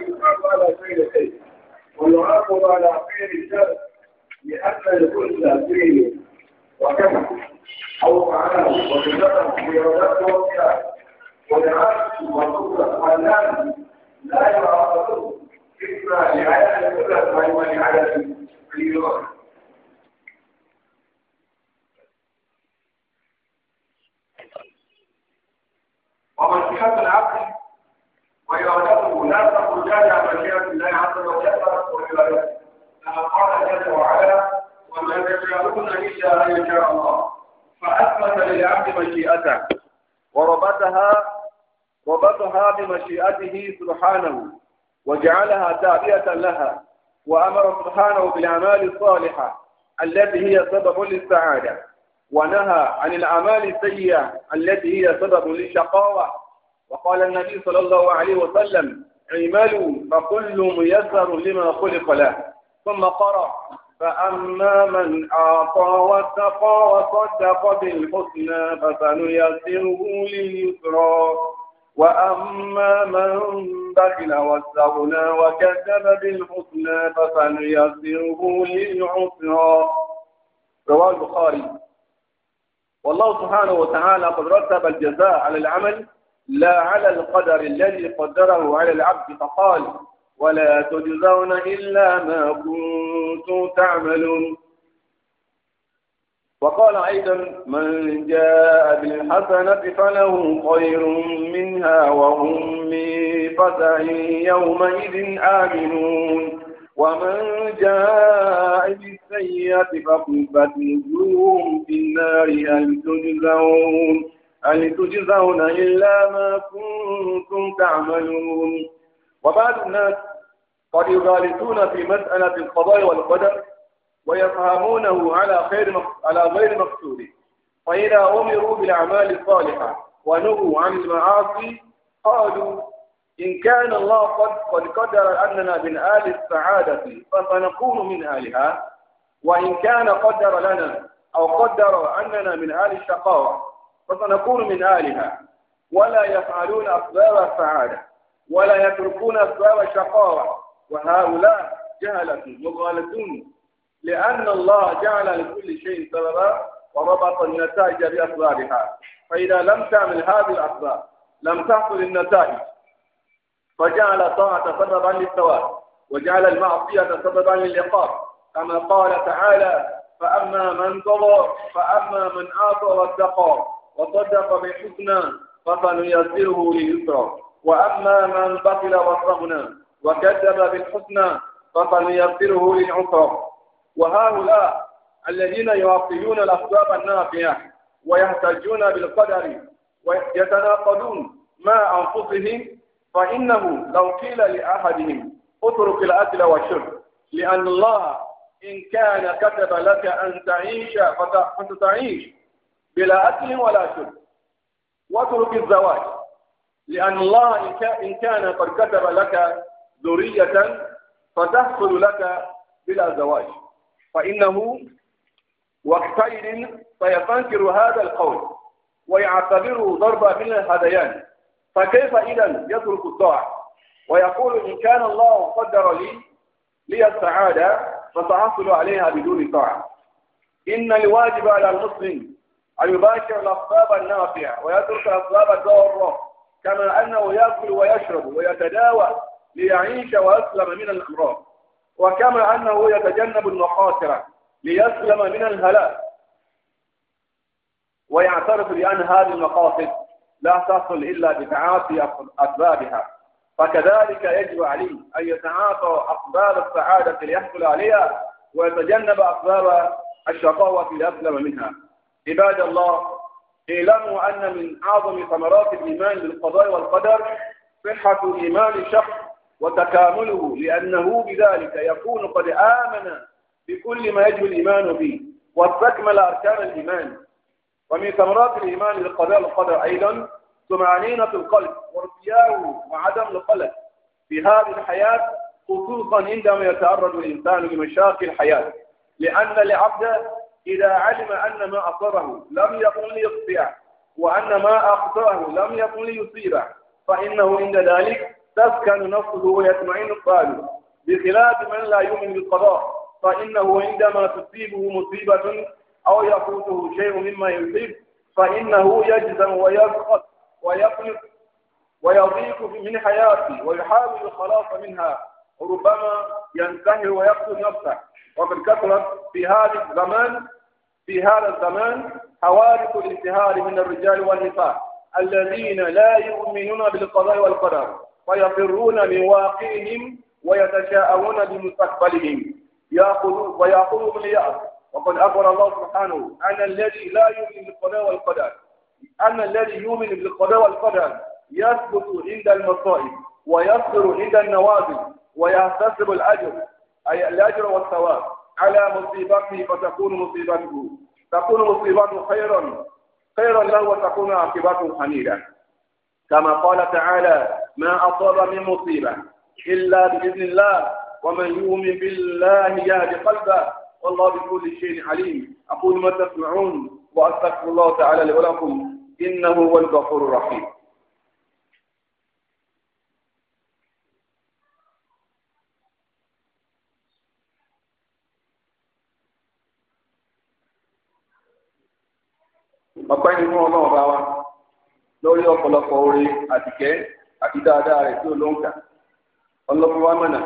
ويثاب على خير شيء ويعاقب على خير شر لأن الكل فيه وكما أو معاه وكتبه بإرادته وكتابه والعبد والقدرة والنام لا يعاقبه إما لعيال القدرة وإما لعيال القدرة ومن كان العقل ويعلموا لا تخرجان عن مشيئة الله عز وجل وعبادته كما قال جل وعلا وما تشاءون إلا أن يشاء الله فأثبت للعبد مشيئته وربطها ربطها بمشيئته سبحانه وجعلها تابعة لها وأمر سبحانه بالأعمال الصالحة التي هي سبب للسعادة ونهى عن الأعمال السيئة التي هي سبب للشقاوة وقال النبي صلى الله عليه وسلم اعملوا فكل ميسر لما خلق له ثم قرأ فأما من أعطى واتقى وصدق بالحسنى فسنيسره لليسرى وأما من بخل واستغنى وكذب بالحسنى فسنيسره للعسرى رواه البخاري والله سبحانه وتعالى قد رتب الجزاء على العمل لا على القدر الذي قدره على العبد فقال ولا تجزون إلا ما كنتم تعملون وقال أيضا من جاء بالحسنة فله خير منها وهم من فزع يومئذ آمنون ومن جاء بالسيئة فقبت نجوم في النار هل تجزون أن تجزون إلا ما كنتم تعملون وبعض الناس قد يغالطون في مسألة القضاء والقدر ويفهمونه على خير على غير مقصود فإذا أمروا بالأعمال الصالحة ونهوا عن المعاصي قالوا إن كان الله قد قد قدر أننا من آل السعادة فسنكون من آلها وإن كان قدر لنا أو قدر أننا من آل الشقاوة فسنكون من آلها ولا يفعلون أسباب السعادة ولا يتركون أسباب الشقاوة وهؤلاء جهلة مغالطون لأن الله جعل لكل شيء سببا وربط النتائج بأسبابها فإذا لم تعمل هذه الأسباب لم تحصل النتائج فجعل الطاعة سببا للثواب وجعل المعصية سببا للعقاب كما قال تعالى فأما من طغى فأما من آثر واتقى وصدق بالحسنى فسنيسره لليسرى وأما من بخل واستغنى وكذب بالحسنى فسنيسره للعسرى وهؤلاء الذين يعطلون الأسباب النافعة ويحتجون بالقدر ويتناقضون مع أنفسهم فإنه لو قيل لأحدهم اترك الأكل والشرب لأن الله إن كان كتب لك أن تعيش فتعيش بلا أكل ولا شرب واترك الزواج لأن الله إن كان قد كتب لك ذرية فتحصل لك بلا زواج فإنه وقتين فيستنكر هذا القول ويعتبره ضربة من الهذيان فكيف إذا يترك الطاعة ويقول إن كان الله قدر لي لي السعادة فسأحصل عليها بدون طاعة إن الواجب على المسلم أن يباشر الأسباب النافعة ويترك الأسباب الضارة كما أنه يأكل ويشرب ويتداوى ليعيش ويسلم من الأمراض وكما أنه يتجنب المخاطرة ليسلم من الهلاك ويعترف بأن هذه المقاصد لا تصل إلا بتعاطي أسبابها فكذلك يجب عليه أن يتعاطى أسباب السعادة ليحصل عليها ويتجنب أسباب الشقاوة ليسلم منها عباد الله اعلموا أن من أعظم ثمرات الإيمان بالقضاء والقدر صحة إيمان الشخص وتكامله لأنه بذلك يكون قد آمن بكل ما يجب الإيمان به واستكمل أركان الإيمان ومن ثمرات الإيمان بالقضاء والقدر أيضا طمأنينة القلب وارتياحه وعدم القلق في هذه الحياة خصوصا عندما يتعرض الإنسان لمشاق الحياة لأن العبد إذا علم أن ما أصره لم يكن ليخطئه وأن ما أخطأه لم يكن ليصيبه فإنه عند ذلك تسكن نفسه ويطمئن قلبه بخلاف من لا يؤمن بالقضاء فإنه عندما تصيبه مصيبة أو يفوته شيء مما يصيب فإنه يجزم ويسقط ويقلق ويضيق من حياته ويحاول الخلاص منها ربما ينتهي ويقتل نفسه وقد كثرت في هذا الزمان في هذا الزمان حوادث الانتهار من الرجال والنساء الذين لا يؤمنون بالقضاء والقدر ويفرون من واقعهم ويتشاءمون بمستقبلهم ويقول ويأخذهم اليأس وقد أخبر الله سبحانه أن الذي لا يؤمن بالقضاء والقدر أن الذي يؤمن بالقضاء والقدر يثبت عند المصائب ويصبر عند النوازل ويحتسب الأجر أي الأجر والثواب على مصيبته فتكون مصيبته تكون مصيبته خيرا خيرا له وتكون عاقبته حميدة كما قال تعالى ما أصاب من مصيبة إلا بإذن الله ومن يؤمن بالله يهد قلبه والله بكل شيء عليم أقول ما تسمعون وأستغفر الله تعالى لي ولكم إنه هو الغفور الرحيم ọpẹ́ nínú Ọlọ́run bá wa lórí ọ̀pọ̀lọpọ̀ oore àtìkẹ́ àti dáadáa rẹ̀ tí ó ló ń kà ọlọ́fún wa mọ̀nà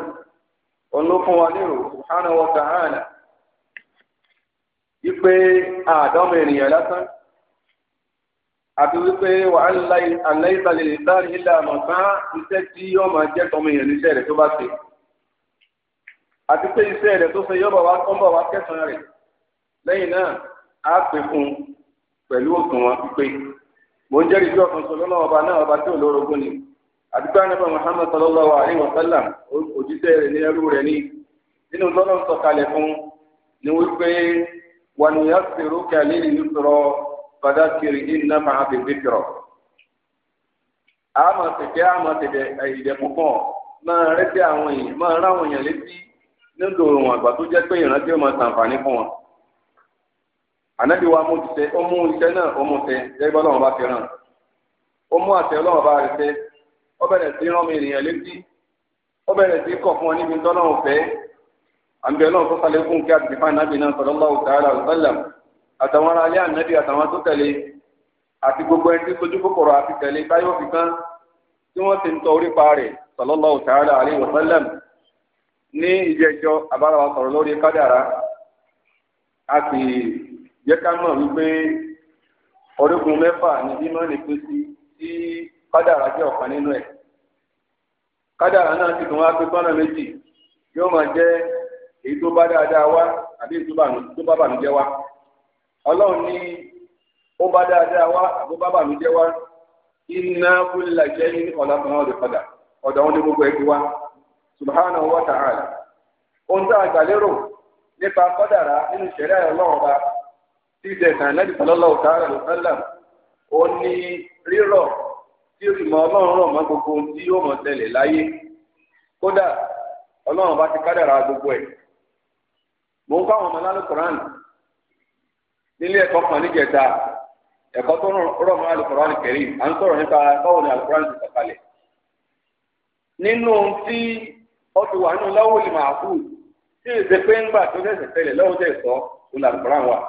ọlọ́fún wa nírò subhanahu wa ta'ala wípé àádọ́mọ ènìyàn lásán àti wípé wà á aláìsàlẹ̀ ìsáàlì ilẹ̀ àmọ̀tá iṣẹ́ tí yóò máa jẹ́ tọmọ èèyàn níṣẹ́ rẹ̀ tó bá ṣe àti pé iṣẹ́ rẹ̀ tó fẹ́ yọ́bọ̀ wá kọ́ńbọ̀ wá kẹsàn-án rẹ̀ lẹ́yìn náà á pè fún un pẹ̀lú òṣùwọ̀n pípé mò ń jẹ́rìí sí ọ̀kan sọlọ́lọ́ ọba náà ọba tí olórogún ni àdúgbò anábà Muhammad sallallahu alaihi wa sallam òjíṣẹ́ rẹ̀ ní ẹrú rẹ̀ ní nínú tọ́lọ́ sọ̀kalẹ̀ fún ni wípé wà ní yàtìrú kẹlẹ́ ní sọ̀rọ̀ fàdákìrì iná tẹ̀kẹ́ púpọ̀ máa rẹ́tí àwọn máa ráwọn létí àgbà tó jẹ́ pé ìrántí ọmọ sàǹfààní ànábì wa mú tẹ ó mú iṣẹ́ náà ó mú tẹ lẹgbẹ Ọlọ́run bá fi ràn ó mú àtẹ Ọlọ́run bá rẹ tẹ ó bẹ̀rẹ̀ sí rán mi ènìyàn létí ó bẹ̀rẹ̀ sí kọ fún ọ níbi tọ náà fẹ àmì Ọlọ́run tó falẹ fún kí a ti fa náà sallallahu ta'ala alaihi wasallam àtàwọn ará alẹ ànábì àtàwọn tó tẹ̀lé àti gbogbo ẹni tí sojú kòkòrò àti tẹ̀lé táyọ fi kán tí wọn ti ń tọ orí pa rẹ ta'ala alaihi wasallam ní ìjẹjọ àbára wa sọ̀rọ̀ lórí kádàrá a sì jẹ́ ká mọ̀ wípé ọ̀rẹ́gun mẹ́fà ni bímọ ní pé tí kádàrá jẹ́ ọ̀kan nínú ẹ̀ kádàrá náà wá pé méjì yóò máa jẹ́ èyí tó bá dáadáa wá àbí èyí tó bá bànújẹ́ wá ní ó bá dáadáa wá àbó bá wá iná ní padà ọ̀dọ̀ a lérò nípa nínú ìṣẹ̀lẹ̀ tíjẹ kan náà ìfọlọ́lọ́ ọ̀tá rẹ̀ ló sálà ó ní rírọ̀ tí ìmọ̀ ọlọ́run rọ̀ mọ́ gbogbo ohun tí yóò mọ̀ tẹ̀lé láyé kódà ọlọ́run bá ti kádàrà gbogbo ẹ̀ mò ń kọ́ àwọn ọmọ lálùkùránì nílé ẹ̀kọ́ kan níjẹta ẹ̀kọ́ tó rọ̀ mọ́ alùkùránì kẹrì à ń sọ̀rọ̀ nípa báwo ni alùkùránì ti sọ̀kalẹ̀ nínú ohun tí ó ti wà nínú lọ́wọ́ ìmọ̀ àkú tí ìṣe pé ńgbà tó ṣẹ̀ṣẹ̀ tẹ̀lé lọ́wọ́ tẹ̀ sọ ó làlùkùránì wà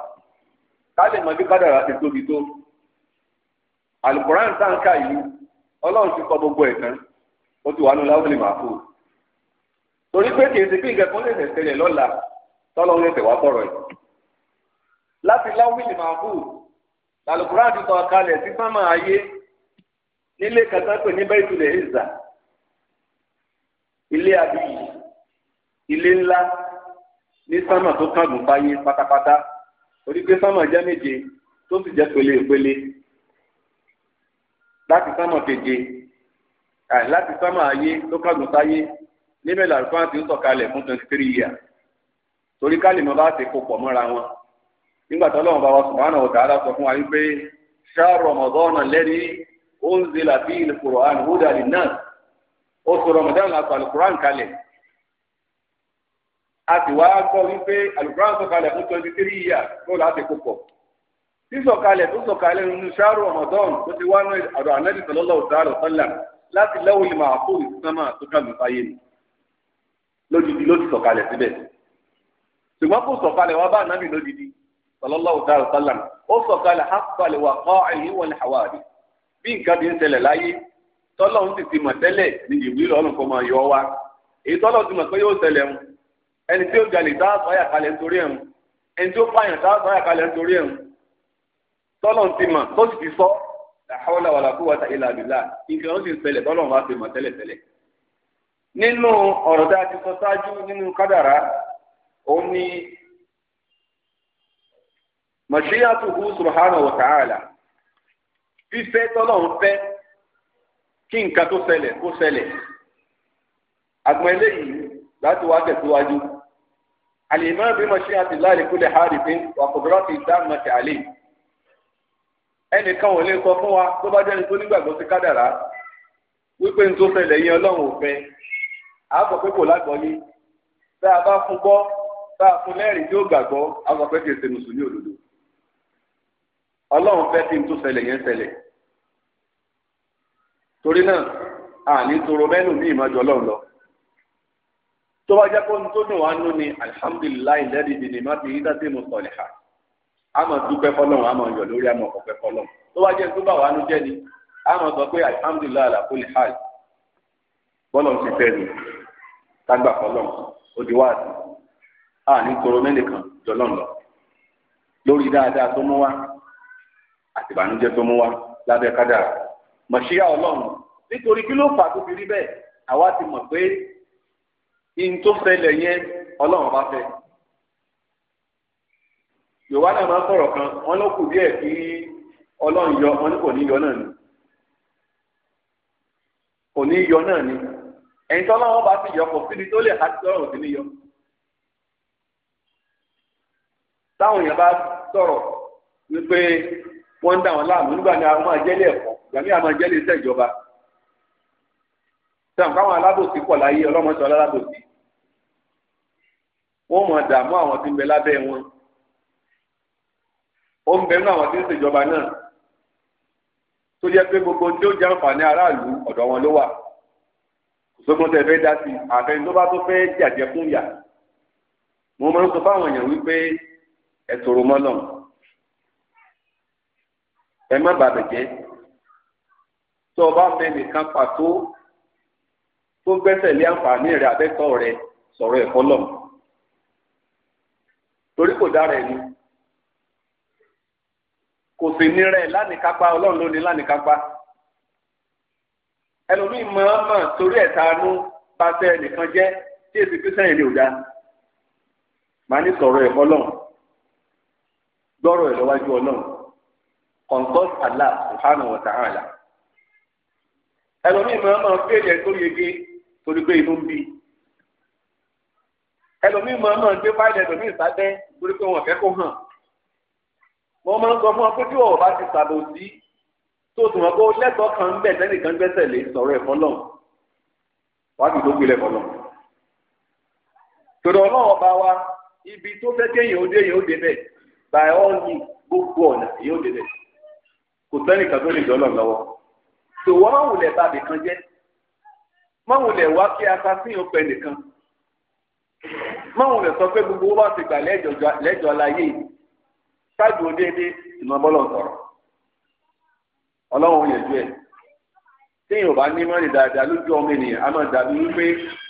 ká lè mọ bí kádàrá ti tóbi tó alukoran táǹkà yìí ọlọ́run ti kọ gbogbo ẹ̀ tán ó ti wà nù láwùlì màfò torí pé kì í ṣe bí nǹkan kan lè tẹ̀sẹ̀lẹ̀ lọ́la tọ́lọ́run lè tẹ̀wá sọ̀rọ̀ ẹ̀ láti láwùlì màfò alukoran ti kọ kalẹ̀ sí sámà ayé nílé kàtàkùn ní bẹ́ẹ̀ ìtulẹ̀ ìzà ilé abiyì ilé ńlá ní sámà tó kángun fáyé pátápátá torí pé sámà jẹ́ méje tó sì jẹ́ pélépélé láti sámà keje láti sámà ayé tó kágun sáyé níbẹ̀ làlùfáà ti ń sọ̀kalẹ̀ fún twenty three years torí ká lè mọ bá ti kó pọ̀ mọ́ra wọn nígbà tó lọ́wọ́ bá wa subhanahu wa ta'ala sọ fún wa wípé ṣáà rọmọdọ́nà lẹ́ni ó ń zela bí ìlú kùrọ̀ àná ó dà náà oṣù rọmọdọ́nà àti àlùkùrọ̀ àǹkalẹ̀ a sì wá gbọ́ wípé alukóran sọ̀kalẹ̀ fún twenty three years kó láti kó pọ̀ sísọ̀kalẹ̀ tó sọ̀kalẹ̀ nínú sáárù Ramadan tó ti wá náà àrò ànábì sallallahu ta'ala sallam láti lẹ́wọ̀ lè máa kó ìsúnámà tó kàmì fáyé ni lójijì ló ti sọ̀kalẹ̀ síbẹ̀ ṣùgbọ́n kó sọ̀kalẹ̀ wá bá ànábì lójijì sallallahu ta'ala sallam ó sọ̀kalẹ̀ haqqa wà kọ́ ẹ̀yìn wọlé àwárí bí nǹkan ti ń ṣẹlẹ̀ láyé ẹni tí ó jalè tá a sọ àyà kalẹ̀ nítorí ẹ̀hún ẹni tí ó pààyàn tá a sọ àyà kalẹ̀ nítorí ẹ̀hún tọ́lọ̀ ti mọ̀ tó sì ti sọ làhàwọ́lá wàlà kó wàtà ìlà àbílà nǹkan ó sì ń ṣẹlẹ̀ tọ́lọ̀ wá ti mọ̀ tẹ́lẹ̀tẹ́lẹ̀. nínú ọ̀rọ̀ tá a ti sọ ṣáájú nínú kádàrá òun ni mọ̀ṣíyàtúhù subhanahu wa ta'ala fífẹ́ tọ́lọ̀ ń fẹ́ kí nǹkan tó ṣẹlẹ̀ kó ṣẹlẹ̀ àgbọ̀n láti wá tẹ̀síwájú àlèmọ́ بمشيئة الله لكل àti láàrin kúlẹ̀ hàrí pé wà kò bọ́rọ̀ ti dá mọ̀tì àlè ẹnìkan ò lè kọ fún wa tó bá jẹ́ni tó nígbàgbọ́ sí kádàrá wípé n tó ṣẹlẹ̀ yẹn ọlọ́run ò fẹ́ a sọ pé kò lágbọ́lé tá a bá fún gbọ́ tá a fún lẹ́rìí tí ó gbàgbọ́ a sọ pé kì í ṣe mùsùlùmí òdodo ọlọ́run fẹ́ kí n tó ṣẹlẹ̀ yẹn ṣẹlẹ̀ torí náà àní toro mẹ́nu ní ìmọ̀jọ ọlọ́run lọ tó bá jẹ́ kó ń tó dùn wá nú ni alihamudulilayi lẹ́ẹ̀dì dìde má ti yíta sí mùsọ̀lì ha àmọ̀ dúpẹ́ fọlọ́run àmọ̀ yọ̀ lórí àmọ̀ ọ̀pẹ́ fọlọ́run tó bá jẹ́ tó bá wà nú jẹ́ ni àmọ̀ sọ pé alihamudulilayi àlàkó lè ha bọ́lọ̀ ti fẹ́ mi tágbà fọlọ́run ó di wá sí a ní toro mẹ́nìkan jọlọ́n lọ lórí dáadáa tó mú wá àtìbànújẹ́ tó mú wá lábẹ́ kádàrá mọ̀ṣíyá ọlọ́run nítorí kí ló fà ihun tó ṣẹlẹ̀ yẹn ọlọ́run bá fẹ́. yorùbá náà máa ń sọ̀rọ̀ kan wọn ló kù díẹ̀ kí ọlọ́run yọ wọn kò ní yọ náà ni kò ní yọ náà ni ẹ̀yin tó ọlọ́run bá ti yọ kò síbi tó lè ha sí ọlọ́run sí ní yọ. táwọn èèyàn bá sọ̀rọ̀ wípé wọ́n ń dà wọ́n láàmú nígbà ní àwọn máa jẹ́lé ẹ̀kọ́ ìgbà àwọn máa jẹ́lé iṣẹ́ ìjọba. sọ̀rọ̀ káwọn alábòsí pọ̀ láyé ọlọ́mọ sọ alábòsí wọ́n mọ̀ dààmú àwọn tí ń bẹ lábẹ́ wọn ó ń bẹnu àwọn tí ń ṣèjọba náà tó yẹ pé gbogbo tí ó jẹ àǹfààní aráàlú ọ̀dọ̀ wọn ló wà sókun tẹ fẹ́ dá sí àfẹn tó bá tó fẹ́ jàjẹ fún yà mo máa ń sọ fáwọn èèyàn wípé ẹ tòrò mọ́ ẹ má bàbẹ̀ jẹ́ tó o bá fẹ́ nìkan pàtó tó gbẹ́sẹ̀ lé àǹfààní rẹ̀ abẹ́tọ̀ rẹ̀ sọ̀rọ̀ ẹ̀kọ́ lọ́n. torí kò dára ẹni kò sì lánìkápá ọlọ́run ló ní lánìkápá ẹlòmíì mọ̀ọ́mọ̀ torí ẹ̀tanú pàṣẹ nìkan jẹ́ tí èsì kristian yìí ò màá ní sọ̀rọ̀ ẹ̀ fọlọ́run gbọ́rọ̀ consult Allah subhanahu wa ta'ala ẹlòmíì tó torí pé inú ẹlòmíì máa máa gbé fáìlì ẹlòmíì sábẹ́ torí pé wọn fẹ́ kó hàn wọ́n máa ń sọ fún ọ pé bí ọ̀rọ̀ bá ti ṣàbòsí tó tún wọn kó lẹ́tọ̀ọ́ kan ń bẹ̀ lẹ́nìkan gbẹ́sẹ̀ lé sọ̀rọ̀ ẹ̀fọ́ náà wàá dùn tó gbé lẹ́fọ́ náà tòdò ọlọ́run ọba wa ibi tó fẹ́ kéèyàn ó dé yẹn ó dé bẹ́ẹ̀ by all means gbogbo ọ̀nà yẹn ó dé bẹ́ẹ̀ kò sẹ́nìkan tó lè dọ́lọ̀ lọ́wọ́ tòwọ́ máwùlẹ̀ bàbí kan jẹ́ máwùlẹ̀ wá kí asásìn ó pẹ́ nìkan máwọn lè sọ pé gbogbo wọn bá ti gbà lẹ́jọ́ láyé ṣáàjú òdéédé ìmọ̀bọ́lọ̀ sọ̀rọ̀ ọlọ́run yẹn ju ẹ̀ téèyàn bá ní mọ́ni dáadáa lójú ọmọ ènìyàn á máa dàbí wípé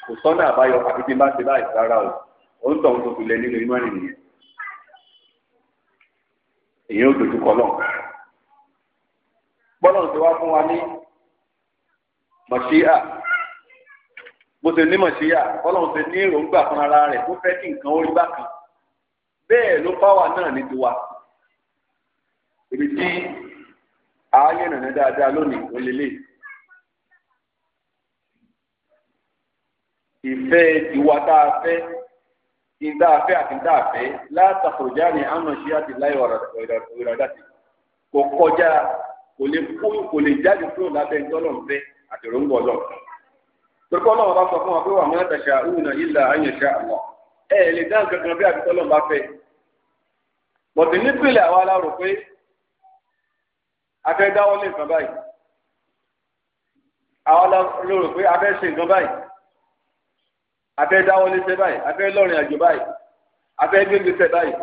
kò sọ́nà àbáyọ àti n bá ti o ó ń tuntun lẹ nínú ènìyàn èyàn ò dojú lọ́n bọ́lọ̀ ti wá fún wa ní mọ̀ṣíà. bó ṣe ní mọ̀ṣíyà ọlọ́run ṣe ní èròǹgbà fún ara rẹ̀ tó fẹ́ kí nǹkan ó rí bákan bẹ́ẹ̀ ló fáwa náà ní tiwa ibi tí ààyè nàná dáadáa lónìí ó lélẹ̀ ìfẹ́ tiwa tá a fẹ́ kí n tá a fẹ́ àti n tá a fẹ́ látàkùrọ̀já ni àmọ̀ ṣí àti láì ọ̀rọ̀dàtì kò kọjá kò lè jáde kúrò lábẹ́ ńtọ́lọ́ǹfẹ́ àti òróǹgbọ̀ ọlọ́ọ̀kan torípọ̀ náà wọ́n bá sọ fún wa pé wà máa tàṣà òun ilà àyànṣá àmọ́ ẹ lè dá nǹkan kan bí àbíkọ́ náà bá fẹ́ bọ̀dé nípìnlẹ̀ àwa la rò pé afẹ́ dáwọ́ lé nǹkan báyìí àwa la rò pé afẹ́ ṣe nǹkan báyìí afẹ́ dáwọ́ lé ṣe báyìí afẹ́ lọ́rin àjò báyìí afẹ́ gbégbé ṣe báyìí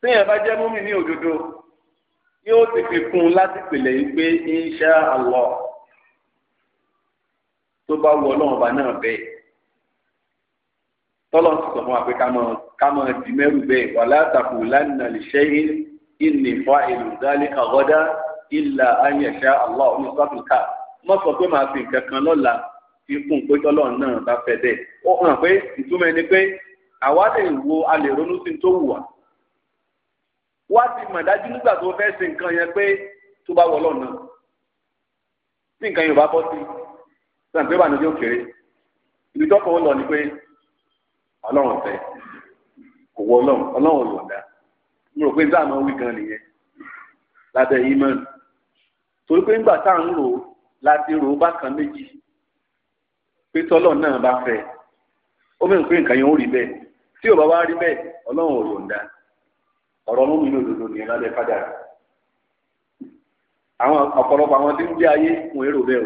téèyàn bá jẹ́ múmi ní òdodo yóò ti fi kún un láti pèlè yìí pé insha Allah tó bá wù ọlọ́run ọba náà bẹ́ẹ̀ tọ́lọ́ ti sọ fún wa pé ká máa di mẹ́rù bẹ́ẹ̀ wà látàkù lánàá lè ṣẹ́yìn ìní fa èlò dálé àgọ́dá ìlà ayẹ̀ṣẹ́ allah ọ̀hún sábìkà mọ́ sọ pé màá fi nǹkan kan lọ́la fi kún pé tọ́lọ́ náà bá fẹ́ bẹ́ẹ̀ ó hàn pé ìtumọ̀ ẹni pé àwa lè wo a ronú sí tó wù wá wá ti mọ̀ dájú nígbà tó fẹ́ ṣe nǹkan yẹn pé tó bá wọ ọlọ́run náà tí nǹkan yẹn ò bá bọ́ sí i. sọ̀rọ̀ pé ìbànújẹ́ òkèrè ibi tọ́kọ̀ ó lọ ni pé ọlọ́run fẹ́ kò wọ ọlọ́run ọlọ́run lò dá mo rò pé ní táwọn wí gan nìyẹn lábẹ́ imán torí pé nígbà tá à ń rò láti rò bákan méjì pé tọ́lọ̀ náà bá fẹ́ ó mẹ́rin pé nǹkan yẹn ó rí bẹ́ẹ̀ tí ò bá wá rí bẹ́ẹ̀ ọlọ́run ò ọ̀rọ̀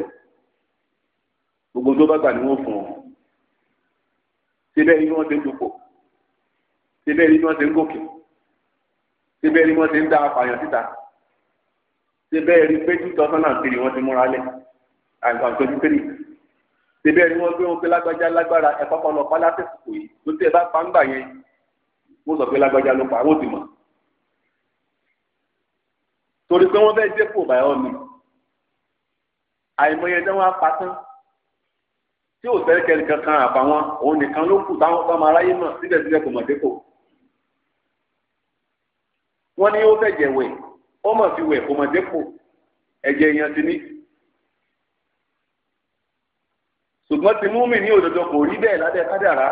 gbogbo tó bá gbà ni wọ́n fún ọ síbẹ̀ ni wọ́n ti ń dupò síbẹ̀ ni wọ́n ti ń gòkè síbẹ̀ ni wọ́n ti ń dá apààyàn síta síbẹ̀ rí pé two thousand and three wọ́n ti múra lẹ̀ àìsàn twenty three síbẹ̀ ni wọ́n gbé wọn pé lágbájá lágbára ẹ̀kọ́ kan lọ pálá tẹ̀sùkò yìí tó tẹ̀ bá pàǹgbà yẹn wọ́n sọ pé lágbájá ló pa àwọn òdì mọ̀ torí pé wọ́n fẹ́ dépò báyọ̀ mi àìmọye tí wọ́n á tán. tí ò sẹ́kẹ̀rì kankan àbáwọn òun nìkan ló kù táwọn ọmọ aráyé mọ̀ síbẹ̀síbẹ̀ kò mọ̀ dépò. wọ́n ní ó bẹ̀jẹ̀ wẹ̀ ó mọ̀ sí wẹ̀ kò mọ̀ dépò ẹ̀jẹ̀ èèyàn ti ní. ṣùgbọ́n ti mú mi ní òdodo kò rí bẹ́ẹ̀ lábẹ́ kádàrá.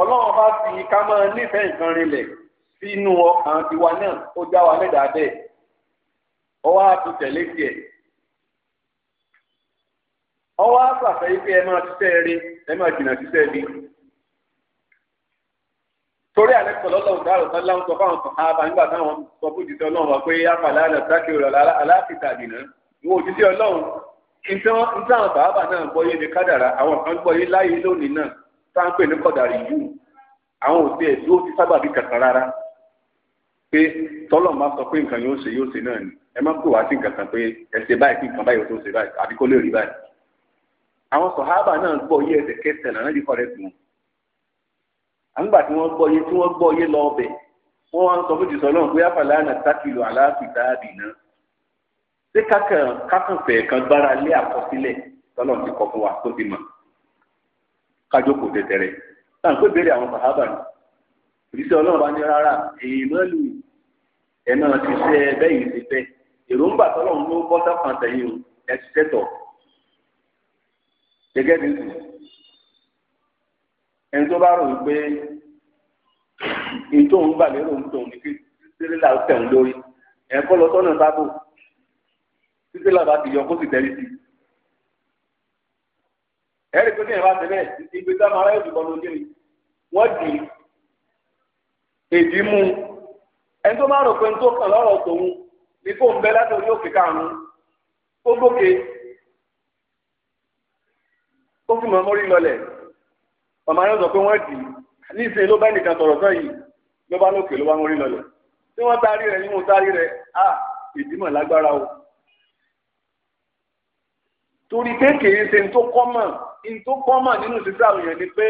ọlọ́run bá fi ká máa nífẹ̀ẹ́ nǹkan rinlẹ̀ sínú ọwọ́ àpàfẹ́ a ẹ máa ṣiṣẹ́ ẹ máa ṣiṣẹ́ bí. torí àlẹ́ kọ̀ lọ́lọ́ tán láwọn sọ fáwọn sọ̀hán abá nígbà táwọn sọ fún ìdíjọ́ náà wà pé àpàlà àlàsákè rẹ̀ aláàfíìsà àdìnà ìwọ òjíṣẹ́ ọlọ́run nítawọn bàbá náà gbọ́ yé ní kádàrà àwọn kan gbọ́ yé láyé lónìí náà ní kọ̀dàrí yìí àwọn òsì ẹ̀ ti pé tọ́lọ̀ máa sọ pé nǹkan àwọn sọ̀hábà náà gbọ́ yé ẹsẹ̀ kẹsẹ̀ lànà lè kọ́ rẹ̀ wọn. tí wọ́n gbọ́ yé tí wọ́n gbọ́ yé lọ wọ́n wá ń sọ fújì sọ́lọ́n pé àfàlà ṣé kákan kákan fẹ̀ kan gbára lé àkọsílẹ̀ ti kọ fún wa tó ti mọ̀ tẹ̀tẹ̀rẹ̀. táwọn pé àwọn sọ̀hábà ni ọlọ́run bá ní náà gẹ́gẹ́ bí sùn ẹni tó bá rò wípé ètò òun gbà lérò ń tòun ní kí tírélà tẹ̀ ń lórí ẹ̀kọ́ lọ sọ́nà sábò tírélà bá ti yọ kó sì tẹ́lí sí i ẹ̀rí pé ní ìwà tẹ́lẹ̀ ibi tá a máa ráyọ̀ jùlọ lóde ni wọ́n di èdè mú ẹni tó máa rò pé ní tó lọ́rọ̀ tòun ni kò ń bẹ látòrí òkè karùn-ún gbókè ó sì mọ mórí lọlẹ̀ ọmọ ayé sọ pé wọ́n dì í ní ìsìn ló bá nìkan sọ̀rọ̀ sọ yìí ló bá lókè ló bá mórí lọlẹ̀ tí wọ́n taari rẹ̀ nínú taari rẹ̀ a ìdímọ̀ lágbára o torí kékeré ṣe ń tó kọ́mọ̀ ń tó kọ́mọ̀ nínú ìṣiṣẹ́ àwòyàn ni pé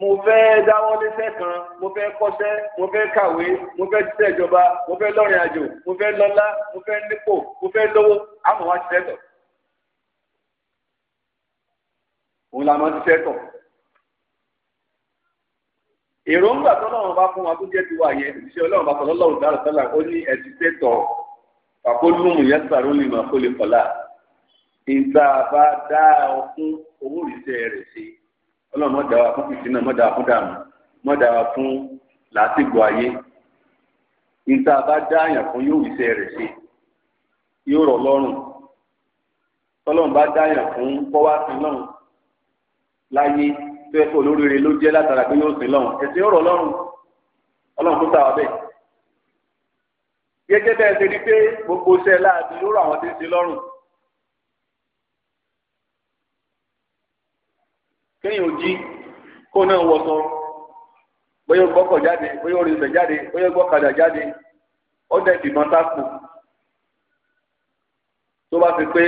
mo fẹ́ dáwọ́ léṣẹ́ kan mo fẹ́ kọ́ṣẹ́ mo fẹ́ kàwé mo fẹ́ ṣiṣẹ́ ìjọba mo fẹ́ lọ́rìn àjò mo fẹ́ lọ́lá mo fẹ́ nípò mo fẹ́ lówó àmọ́ wá ṣiṣẹ́ tọ̀. òun la máa ń ṣiṣẹ́ tọ̀. èròǹgbà tọ́lọ́run bá fún wa tó jẹ́ tiwa yẹn ìṣiṣẹ́ ọlọ́run bá tọ́lọ́ lọ́run dára sọ́la ó ní ẹ̀ṣiṣẹ́ tọ̀ fàkólùmù yẹn sàrò lè máa kó lè kọ́lá ìgbà bá dá ọ fún owó ìṣe rẹ̀ ṣe ọlọ́run mọ̀ dá fún ìṣiná mọ̀ dá fún dààmú mọ̀ dá fún làásìgbò ayé ìta bá dá àyàn fún yóò ìṣe rẹ̀ ṣe yóò rọ̀ lọ́rùn tọ́lọ́run bá dá àyàn fún kọ́wá sí lọ́rùn láyé tó yẹ kó olóríire ló jẹ́ látara pé yóò sìn lọ́run ẹ̀sìn ọ̀rọ̀ ọlọ́run ọlọ́run tó tà wá bẹ́ẹ̀. gẹ́gẹ́ bẹ́ẹ̀ ṣe rí pé gbogbo iṣẹ́ láàbí ló rọ àwọn tí ń sin lọ́rùn. kéèyàn ò jí kó náà wọ bóyá ó jáde bóyá ó rinṣẹ̀ jáde bóyá ó gbọ́kadà jáde ó dẹ̀ fìbọn sápò tó bá fi pé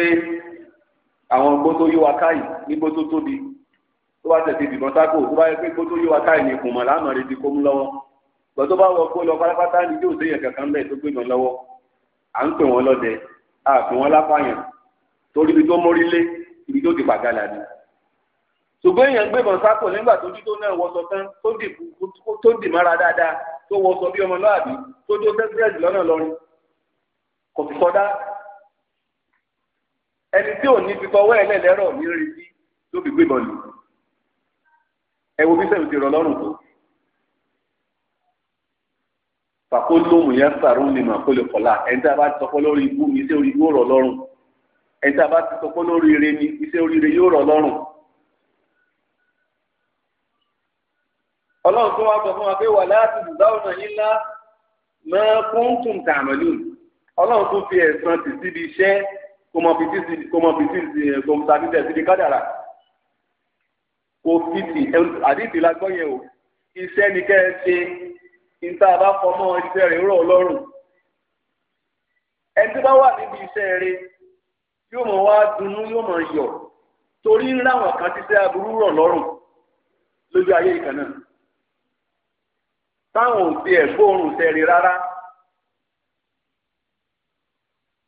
àwọn gbótó yíwa káyì ní gbótó tóbi tó bá tẹ̀sí ìdìbọn sákò tó bá yẹ pé kó tó yé wa káyìn ní ìkùnmọ̀ láàmú rẹ ti kó mú lọ́wọ́ gbọ́n tó bá wọ kó lọ pátápátá ní yóò séyàn kankan bẹ́ẹ̀ tó gbébọn lọ́wọ́ à ń pè wọ́n lọ́dẹ à pè wọ́n lápáyàn torí ibi tó mórí lé ibi tó ti pàgàlà ni. ṣùgbọ́n èèyàn gbébọn sákò nígbà tó dúdó náà wọṣọ tán tó dì mára dáadáa tó wọṣọ bí ọmọlúwàbí tó dó sẹ́sírẹ́sì lọ́nà lọ́rin kò fi sọdá ẹni tí ò ní fi fọwọ́ ẹ̀ ní retí ló fi gbébọn lù ẹ wo bí sẹ́yìn ti rọ lọ́rùn tó. fàkó lóhùn yẹn sàrún ni mà kó lè kọ́lá ẹni tí a bá ti sọpọ́ lórí ibú ni iṣẹ́ orí ibú rọ̀ lọ́rùn ẹni tí a bá ti sọpọ́ lórí ire ni iṣẹ́ orí ire yóò rọ̀ lọ́rùn. ọlọ́run tó wá sọ fún wa pé wà láti dùdáwọ̀nà yín lá máa kún tún tààmọ́lù ọlọ́run tó fi ẹ̀sán tì síbi iṣẹ́ kó mọ fi sí kó mọ fi sí kó mọ tàbí tẹ̀ síbi kádàrà kò fìtì àdìsí la gbọ́ yẹn o iṣẹ́ ni kẹ́ ẹ ṣe níta bá fọmọ́ iṣẹ́ rẹ̀ rọ̀ lọ́rùn ẹni tí bá wà níbi iṣẹ́ rẹ̀ yóò mọ̀ wá dunnú yóò mọ̀ yọ̀ torí láwọn kan ti ṣe aburú rọ̀ lọ́rùn lójú ayé ìkan náà táwọn ò tiẹ̀ gbóòórùn sẹ́ẹ̀rì rárá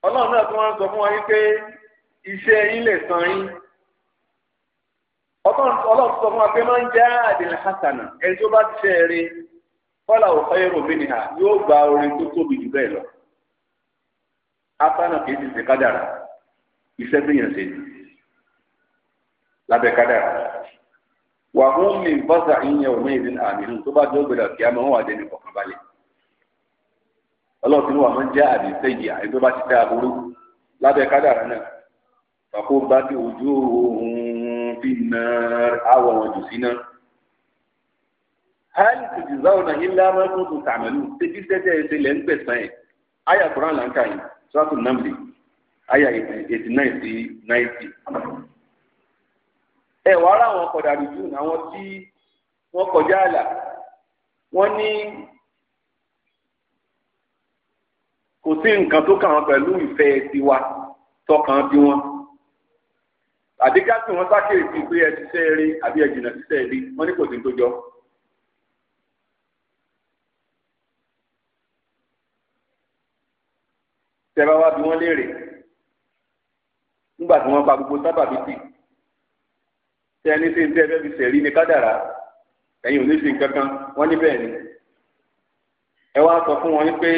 ọlọ́run náà tí wọ́n ń sọ fún wa yín pé iṣẹ́ yín lè san yín ọlọ́run sọ fún wa pé máa ń já àdìrẹ hasana ẹni tó bá ti ṣe eré fọlá òfẹ́rò mìnìhà yóò gba orin tó tóbi jù bẹ́ẹ̀ lọ hasana kì í ti ṣe kádàrà iṣẹ́ tó yàn ṣe lábẹ́ kádàrà wà fún mi bọ́sà ìyẹn òun èdè àmì tó bá dé ògbèrè ọ̀kí àmọ́ wà dé ní kọ̀ọ̀kanbalẹ̀ ọlọ́run wà máa ń já àdìrẹ sẹ́yìn àyè tó bá ti aburú lábẹ́ kádàrà náà fàkó bá ti ojú òun fi nàr àwọ̀ wọn jù sí náà. hali tòjú záwọn náà yín lára tó tó tàmẹ́lú tẹ́jú sẹ́jẹ́ ẹsẹ̀ lẹ́ ń gbẹ̀sán ẹ̀ àyà kúrán là ń kà yín sọ́tún náà lè àyà eighty nine sí ninety. ẹ wàá rà wọn kọ̀dà lójú àwọn tí wọ́n kọjá àlà wọ́n ní kò sí nǹkan tó kàn wọ́n pẹ̀lú ìfẹ́ tiwa tọkàn tiwọn àdíká tí wọ́n sákèrè sí pé ẹ ti sẹ́ eré àbí ẹ jìnnà sísẹ́ eré wọ́n ní kò sí tó jọ. tẹ́lá wá bí wọ́n léèrè nígbà tí wọ́n pa gbogbo sábàbí tì tẹ́ni tí ń tẹ́ fẹ́ fi sẹ̀rí ní kádàrá ẹ̀yin ò ní sí nǹkan kan wọ́n ní bẹ́ẹ̀ ni ẹ wá sọ fún wọn pé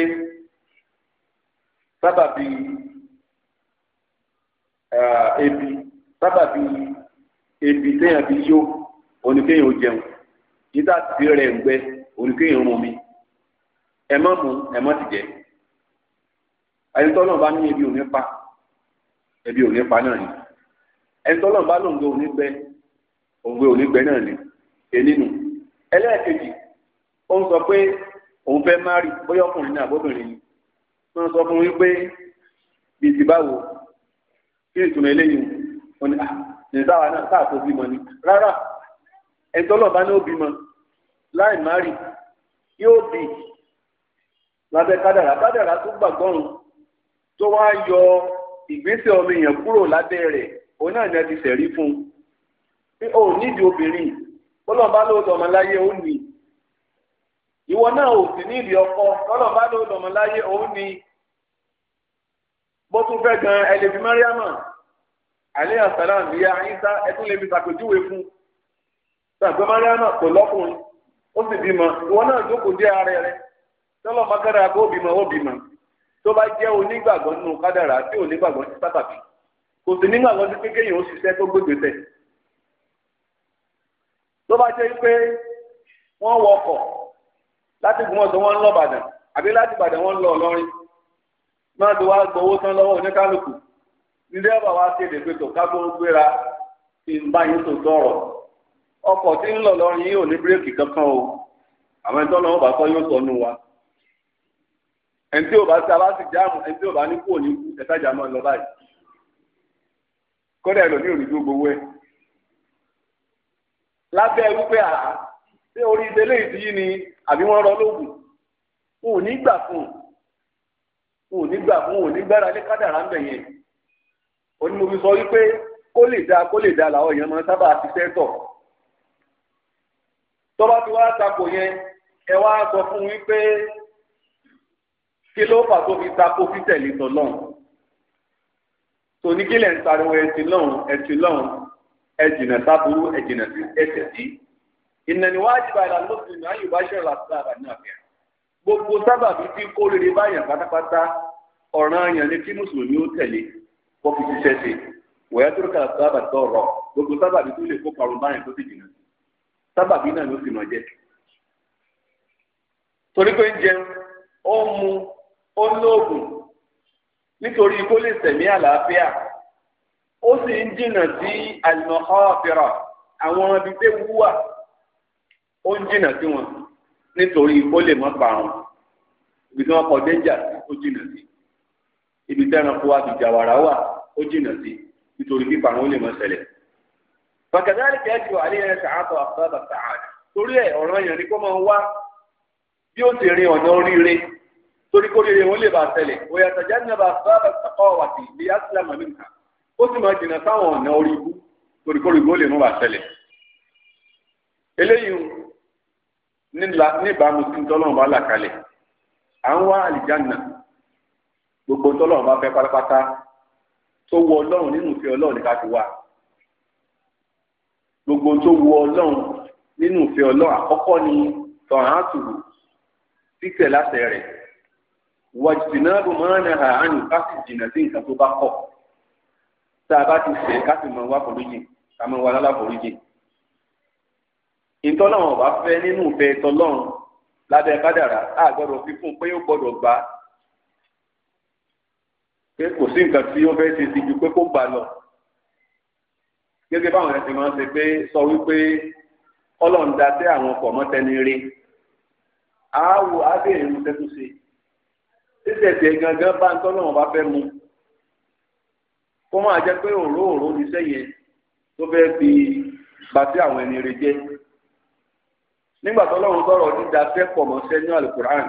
sábàbí ebi sábàbí ebi téèyàn fi yó oníkéèyàn ó jẹun níta ti rẹ̀ ń gbẹ oníkéèyàn rún mi ẹ má mú ẹ má ti jẹ ẹni tọ́lọ́ bá ní ebi ò ní pa ebi ò ní pa náà ni ẹni tọ́lọ́ bá lòǹgbẹ ò ní gbẹ òǹgbẹ ò ní gbẹ náà ni èyí nù ẹlẹ́ẹ̀kejì ó ń sọ pé òun fẹ́ má rí bóyá ọkùnrin náà bóbìnrin ni wọ́n sọ fún wípé bíi ti báwo kí ni ìtumọ̀ eléyìí wọn ni ní sáwa ah, náà sáà tó bímọ ni rárá ẹ̀tọ́ lọ́ba ní ó bímọ láì má rí yóò bì lábẹ́ kádàrá kádàrá tó gbàgbọ́rùn tó wá yọ ìgbésẹ̀ ọmọ èèyàn kúrò lábẹ́ rẹ̀ òun náà ni a ti sẹ̀rí fún un pé o nídìí obìnrin ọlọ́ọ̀bá ló dọ̀mọ́ láyé ó ní ìwọ náà ò sì nídìí ọkọ ọlọ́ọ̀bá ló dọ̀mọ́ láyé ó ní bó tún fẹ́ gan ẹlẹ́bí mẹ́ríàmà àlẹ́ àsàlám ìyá ayíṣá ẹtún lè fi ṣàpèjúwe fún ṣàgbé mariana kò lọ́kùnrin ó sì bímọ ìwọ náà jókòó jẹ́ ara rẹ tọ́lọ́ makara kó bímọ ó bímọ tó bá jẹ́ onígbàgbọ́ nínú kádàrá tí onígbàgbọ́ ti sábàbí kò sí nígbàgbọ́ sí pé kéèyàn ó ṣiṣẹ́ tó gbégbèsè tó bá jẹ́ pé wọ́n wọ ọkọ̀ láti Ògbómọ̀ṣọ́ wọ́n ń lọ Ìbàdàn àbí láti Ìbàdàn wọ́n ń lọ máa tó wá gbowó tán lọ́wọ́ oníkálukú Ndị ọba wa kéde pé tó kágbó gbéra ti ń bá yín tó ọkọ̀ tí ń lọ lọ́rin yín ò ní bírèkì kankan o àwọn ẹni tó lọ́wọ́ bá kọ́ yóò wa ẹni tí ò bá ti aláṣì jáàmù ẹni tí ò bá ní báyìí kódà gbowó lábẹ́ wípé ni àbí wọ́n rọ lóògùn ò ní gbà fún ò ní onímọ̀bí sọ wípé kó lè dáa kó lè dáa làwọn èèyàn máa sábà ṣiṣẹ́ tọ̀ tọ́ba ti wá tako yẹn ẹ wá sọ fún wípé kí ló fà tó fi tako títẹ̀lé tọ̀ lọ́hùn tòní kí lẹ́ ń pariwo ẹtì lọ́hùn ẹtì lọ́hùn ẹ jìnà sábúrú ẹ jìnà sí ẹsẹ̀ sí ìnàní wájú àìlà lọ́sùn ní ayé ìbáṣẹ́ rà sí àbá ní àfihàn gbogbo sábàbí tí kó rere báyàn pátápátá ọ̀ràn àyàn ni kí mùsùlùmí ó tẹ̀lé kó fi ṣiṣẹ́ ṣe wọ̀nyá tó kà sábà tó rọ gbogbo sábàbí tó lè kó parun báyìí tó sì jìnnà sábàbí náà ló sì nà jẹ. torí pé ń jẹun ó ń mu ó ń lóògùn nítorí kó lè sẹ̀mí àlàáfíà ó sì ń jìnnà sí àlùmọ̀ọ́fìrà àwọn ibi tẹ́ wúwà ó ń jìnnà sí wọn nítorí kó lè mọ́ parun ibi tí wọ́n kọ déjà ó jìnnà sí ibi tẹ́ran kó wa ti jàwàrà wà ó jìnnà sí nítorí pípa àwọn olè mọ́ ṣẹlẹ̀. bàkàdáàlì kẹ́ẹ̀tì wà ní ẹ̀ṣẹ̀ àtọ̀ àbúrò sàáàdì torí ẹ̀ ọ̀ràn yẹn ni kó máa wá bí ó ti rin ọ̀nà oríire torí kó rere wọn lè bá ṣẹlẹ̀ òyà tàjà ní ọba sábà sàkọ́ wà sí ilé asílámù nìkà ó sì máa jìnnà sáwọn ọ̀nà orí ibú torí kó rere lè mú bá ṣẹlẹ̀. eléyìí níbàámu sí tọ́lọ́run bá là à ń wá àlìjáná gbogbo tọ́lọ́run bá fẹ́ pátápátá tó wọ ọlọ́run nínú ìfẹ́ ọlọ́run ni ká fi wá gbogbo tó wọ ọlọ́run nínú ìfẹ́ ọlọ́run àkọ́kọ́ ni tọ̀hántù títẹ̀ láṣẹ rẹ̀ wàjìdìnàbù máa ń ha àánú ká sì jìnnà sí nǹkan tó bá kọ̀ tá a bá ti fẹ́ ká sì máa wá foríjì ká máa wá lálá foríjì ìtọ́lọ́run ọ̀bá fẹ́ nínú ìfẹ́ ìtọ́lọ́run lábẹ́ kádàrá a gbọ́dọ̀ fi fún un pé ó gbọ́dọ̀ gbà á pé kò sí nǹkan tí ó fẹ́ ṣe sí ju pé kó gbà lọ gẹ́gẹ́ báwọn ẹ̀sìn máa ń ṣe pé sọ wípé ọlọ́run da sí àwọn pọ̀ mọ́tẹ́ni rí àáwò abéèrè ń tẹ́tù sí títẹ̀tẹ̀ gangan bá ń tọ́lọ́run bá fẹ́ mu kó máa jẹ́ pé òró òró níṣẹ́ yẹn tó fẹ́ fi ba sí àwọn ẹni rí jẹ́ nígbà tọ́lọ́run sọ̀rọ̀ dídá sẹ́pọ̀ mọ́ṣẹ́ ní alukur'an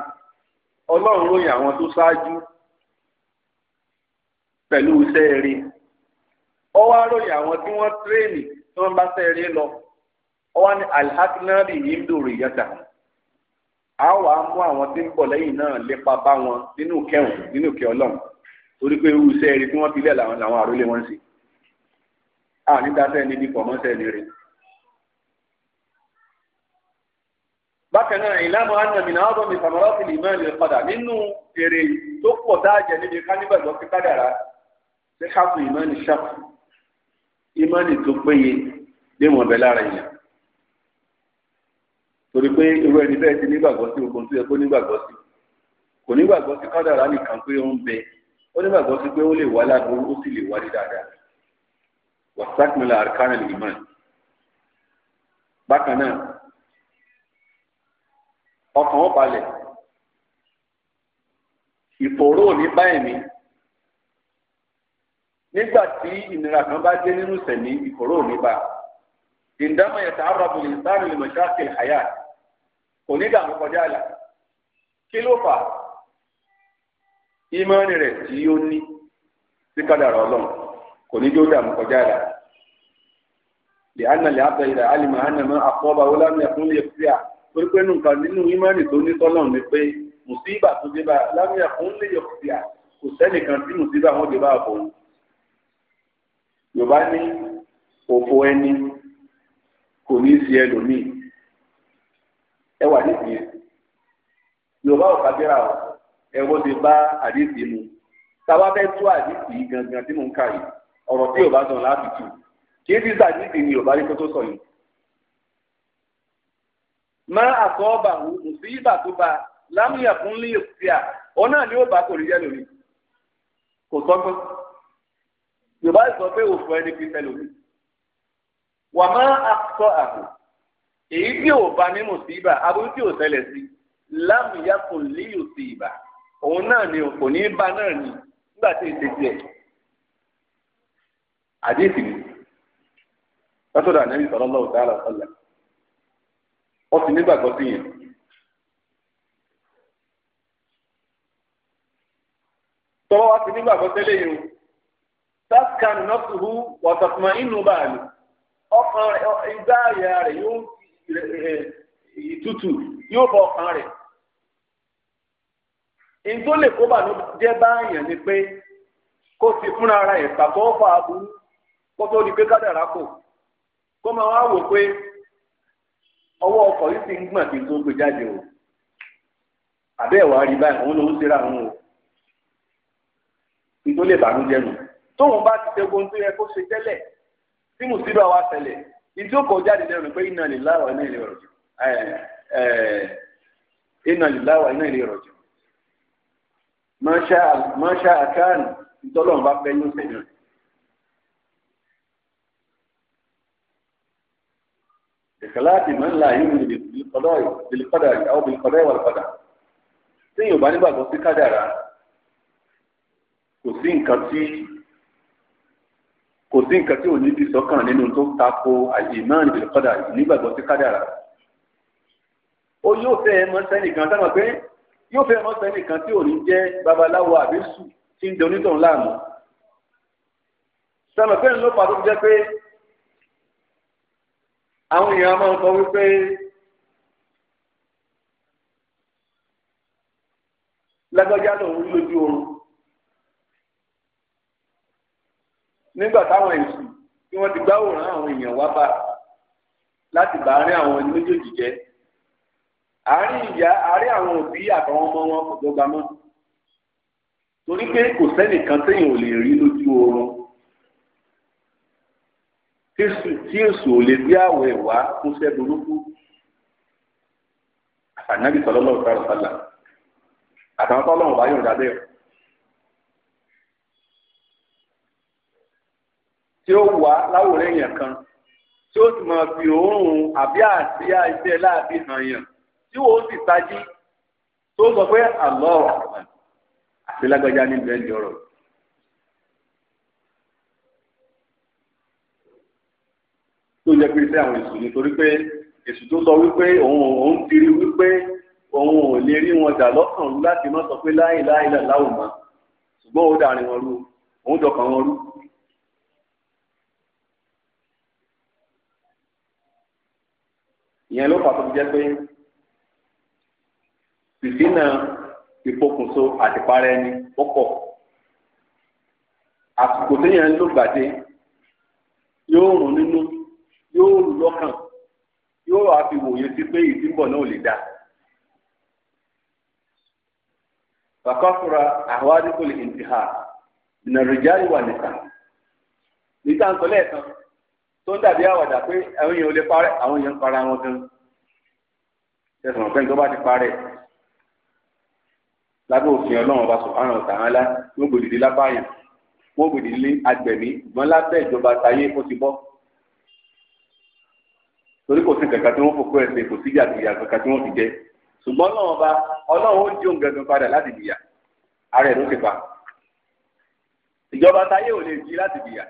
ọlọ́run ròyìn àwọn tó ṣáájú pẹ̀lú iṣẹ́ rí ọ wá ròyìn àwọn tí wọ́n tírèènì tí wọ́n bá ṣẹ́ lọ ọ wá ní alhakinari yimdori yàtà a wà á mú àwọn tí ń bọ̀ lẹ́yìn náà lépa bá wọn nínú kẹwọn nínú kẹ ọlọ́run torí pé irú iṣẹ́ wọ́n fi lẹ̀ làwọn àròlé wọn sí a ní bákan náà ìlànà ṣé káàtó ìmánì ṣáàpù ìmánì tó péye lè wọ̀n bẹ lára èèyàn torí pé irú ẹni bẹ́ẹ̀ ti nígbàgbọ́ sí ogun tó yẹ kó nígbàgbọ́ sí kò nígbàgbọ́ sí kádàrá nìkan pé ó ń bẹ ó nígbàgbọ́ sí pé ó lè wá ládùn ó sì lè wá ní dáadáa wàsákìmìlà àrùkárẹ̀ lè mọ̀ bákan náà ọkàn ó balẹ̀ ìfòró ò ní bá ẹ̀mí nígbà tí ìnira kan bá dé nínú sẹ̀mí ìkòró ò ní bá ìdámọ̀ yẹ̀tà arábù lè sáré lè mọ̀ṣáàkì àyà kò ní dààmú kọjá àlà kí ló fà ìmọ̀ọ́nì rẹ̀ tí ó ní sí kádàrá ọlọ́run kò ní jó dààmú kọjá àlà lè ánà lè ábẹ̀ ìdá àlìmọ̀ ánà mọ́ àfọ́bà ó lámì ẹ̀kún lè fi à torí pé nǹkan nínú ìmọ̀ọ́nì tó ní sọ́lọ́run ni pé mùsíbà tó dé bá lámì ẹ̀kún lè yọ̀ fi à kò sẹ́nìkan tí mùsíbà wọn dé bá àbọ̀ òun yorùbá ní òfò ẹni kò ní í sí ẹlòmíì ẹ wà nídìí yorùbá ò kábíra o ẹ wọ́n ti bá àdìsí mu táwa fẹ́ tú àdìsí gangan tí mò ń kà yìí ọ̀rọ̀ tí yorùbá sọ̀rọ̀ láti tù kì í ti sàdìsí ni yorùbá rí kó sọ yìí má àkọ́ọ̀bà wù mùsíbà tó bá lámúyà fún lè ṣíà ọ náà ni ó bá kò rí yẹlò rí kò sọ́gbọ́n yorùbá sọ pé òfò ẹni fi tẹ lómi wà má àtọ àbò èyí tí ò bá mímú sí ibà aburú tí ò ṣẹlẹ̀ sí lámùyàkùn líyò sí ibà òun náà ni òfò ní bá náà ni nígbà tí èsì tiẹ̀ àdéhìí ni látọ̀dọ̀ ànábì sallallahu ta'ala sallam wọ́n ti nígbàgbọ́ sí yẹn. tọ́wọ́ wá ti nígbàgbọ́ tẹ́lẹ̀ yìí o. taskanu nafsuhu wa tatma'innu ba'alu ọkàn ìgbà àyà rẹ̀ yóò ìtutù yóò bọ ọkàn rẹ̀ ìtò lè kó bàánú jẹ́ báyàn ni pé kó ti fúnra ara ẹ̀ pàtó fà á burú kó tó di pé kádàrá kò kó o tóun bá ti tẹ̀gbọ́n tó yẹ kó ṣe tẹ́lẹ̀ tí mùsíbà wá ṣẹlẹ̀ ìdí ó kọjá àdìdẹ rẹ pé iná lè láwà iná lè rọ̀jò iná lè láwà iná lè rọ̀jò mọ́ṣá àkáàní ìtọ́lọ́run bá fẹ́ yóò sẹ́yìn ìkàláàtì máa ń la yìí ní bìlìkọ́dà àwọn bìlìkọ́dà ìwà lọ́kọ́dà tí yorùbá nígbàgbọ́ sí kádàrá kò sí nǹkan tí kò sí nǹkan tí ò ní ìdìsọ́kàn nínú tó tako àìmọ́rin ìbílẹ̀ kọ́dà nígbàgbọ́ sí kádàrà. ó yóò fẹ́ ẹ mọ́ sẹ́nìkan sáwọn pé yóò fẹ́ ẹ mọ́ sẹ́nìkan tí ò ní jẹ́ babaláwo àbísù tí ń dẹun nítorí láàmú. sáwọn pé ńlọ́pàá tó jẹ́ pé àwọn èèyàn máa ń sọ wípé lágbájá lòun lójú oorun. nígbà táwọn èsì tí wọ́n ti gbáwòrán àwọn èèyàn wá bá láti bá àárín àwọn ẹni méjèèjì jẹ́ àárín ìyá àárín àwọn òbí àtàwọn ọmọ wọn kò dọ́gba mọ́ torí pé kò sẹ́nìkan téèyàn ò lè rí lójú oorun tí èso ò lè bí àwẹ̀ wá kó sẹ́ burúkú ànábì sọlọ́lọ́ ọ̀tá ọ̀tá là àtàwọn tọ́lọ́run bá yọ̀ǹda bẹ́ẹ̀. tí ó wà láwòrán èèyàn kan tí ó sì máa fi òórùn àbí àsíá iṣẹ́ láàbí hàn yàn tí wò ó sì tají tó sọ pé àlọ́ àti lágbájá ní ìbẹ́ ní ọ̀rọ̀. tó yẹ pé iṣẹ́ àwọn èṣù nítorí pé èṣù tó sọ wípé òun òun ti rí wípé òun ò lè rí wọn jà lọ́kàn láti má sọ pé láìláìlà láwùmọ́ ṣùgbọ́n ó dàrin wọn rú òun dọ̀kan wọn rú. ìyẹn ló fà tó fi jẹ́ pé fìfínà ìfokùnso àtìparẹ́ ẹni ó pọ̀ àsìkò téèyàn ń lò gbàdé yóò rùn nínú yóò rùn lọ́kàn yóò wá fi wòye sí pé ìdínbọ̀ náà ò lè dáa. fakọfura ahwadikul intihar minarrijali wa nisa nita n sọlẹ kan tó ń dàbí àwàdà pé àwọn èèyàn ò lè parẹ́ àwọn èèyàn ń para wọn gan tẹsán ọ̀pẹ́ni tó bá ti parẹ́ lábẹ́ òfin ọlọ́run ọba sọ̀hánà ọ̀tàhánlá wọ́n gbòdìdí lábáyàn wọ́n gbòdìdí lé agbẹ̀mí ṣùgbọ́n lábẹ́ ìjọba táyé ó ti bọ́ torí kò sí kankan tí wọ́n fòkó ẹ̀sìn kò sí jàdìyà kankan tí wọ́n fi jẹ ṣùgbọ́n ọlọ́run ọba ọlọ́run ó dín òǹgẹ̀gẹ̀ padà láti dìyà ara ẹ̀ ló ti pa ìjọba táyé ò lè jí láti dìyà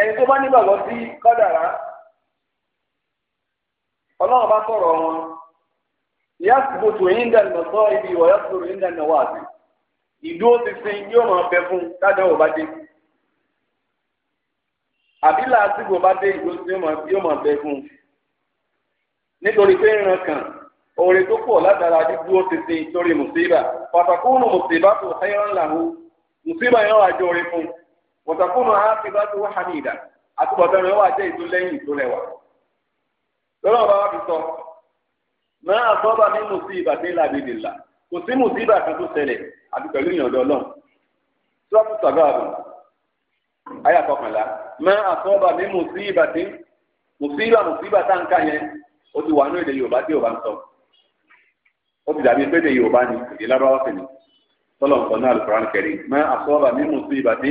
ẹni tó bá nígbàgbọ́ sí kádàrá ọlọ́run bá sọ̀rọ̀ wọn yàtúbùtù ìyíǹda nọ̀sọ́ ibi ìwọ̀ yàtúbùtù ìyíǹda nọ̀wọ́ àti ìdúró ṣinṣin yóò máa bẹ fún tádà ò bá dé àbí làásìgbò bá dé ìdúró ṣinṣin yóò máa bẹ fún nítorí pé ìran kan oore tó pọ̀ látara dídúró ṣinṣin torí mùsíbà pàtàkùn mùsíbà tó ṣẹ́yìn ńlá hù mùsíbà yẹn wà orin fún un wọ̀tàkùnù àáfíà tó hàmìdà àtúbọ̀tán rẹ̀ wà jẹ́ ìtò lẹ́yìn ìtò rẹwà. lọ́nà bá wà fi sọ máa àtọ́ba ní mùsíbà tí ìlà bìbì là kò sí mùsíbà kan tó ṣẹlẹ̀ àti pẹ̀lú ìyànjọ́ náà. sọ́kù sàgáàbù àyà kọkànlá máa àtọ́ba ní mùsíbà tí mùsíbà mùsíbà tá n ká yẹn ó ti wà ní èdè Yorùbá tí Yorùbá ń sọ. ó ti dàbí pété Yorùbá ni èdè lábáwá sì ni nǹkan náà Al-Qur'an Karim ní mùsíbà tí.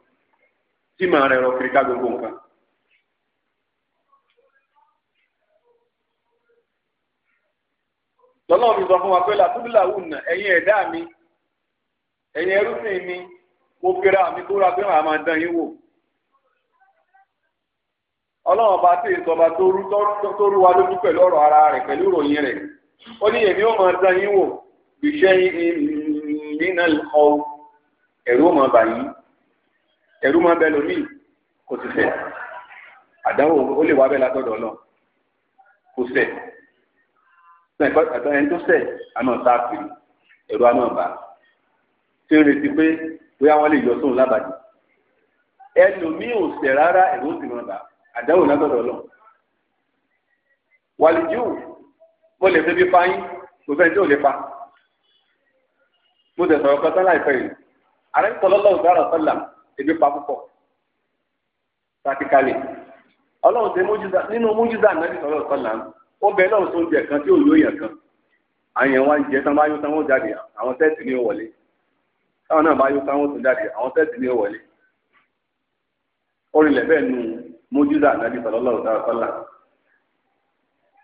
t'i màá rẹ̀ rọ kiri ká gbogbo nǹkan. lọ́nà mi sọ fún wa pé làtúndínlá wù nà ẹ̀yìn ẹ̀dá mi ẹ̀yin ẹrúsìn mi mo fira mi kóra pé màá máa dán yín wò. ọlọ́run ọba tí ìsọba tó rú tó wa lójú pẹ̀lú ọ̀rọ̀ ara rẹ̀ pẹ̀lú ìròyìn rẹ̀ ó ní èmi ó máa dán yín wò bí ìṣẹ́yìn nínú ẹ̀rú ó máa bà ẹ̀rú máa ń bẹ lómi kò sì fẹ́ àdáwò ó lè wá bẹ́ẹ̀ látọ̀dọ̀ lọ kò fẹ́ ẹni tó fẹ́ àmọ́ sáà kiri ẹ̀rú àmọ́ bá ṣé ń retí pé bóyá wọ́n lè yọ sóun lábàdí ẹlòmíì ò sẹ̀ rárá ẹ̀rú sì máa bá àdáwò látọ̀dọ̀ lọ wàlíjú mo lè fi bí fáyín kò fẹ́ tí ò lè fa mo tẹ̀sán ọ̀kan tán láìpẹ́ yìí àrẹ́sọ̀lọ́lọ́ ọ̀gá àràsọ́là ebi pa púpọ̀ practically ọlọ́run ṣe mójúdà nínú mójúdà nàbì sọ̀rọ̀ sọ̀là ó bẹ lọ́run tó ń jẹ kan tí ò lóyè kan àyàn wa ń jẹ tán bá yó tán wọ́n jáde àwọn tẹ́ẹ̀tì ní wọlé táwọn náà bá yó tán wọ́n tún jáde àwọn tẹ́ẹ̀tì ní wọlé orílẹ̀ bẹ́ẹ̀ nu mójúdà nàbì sọ̀rọ̀ lọ́rọ̀ sọ̀là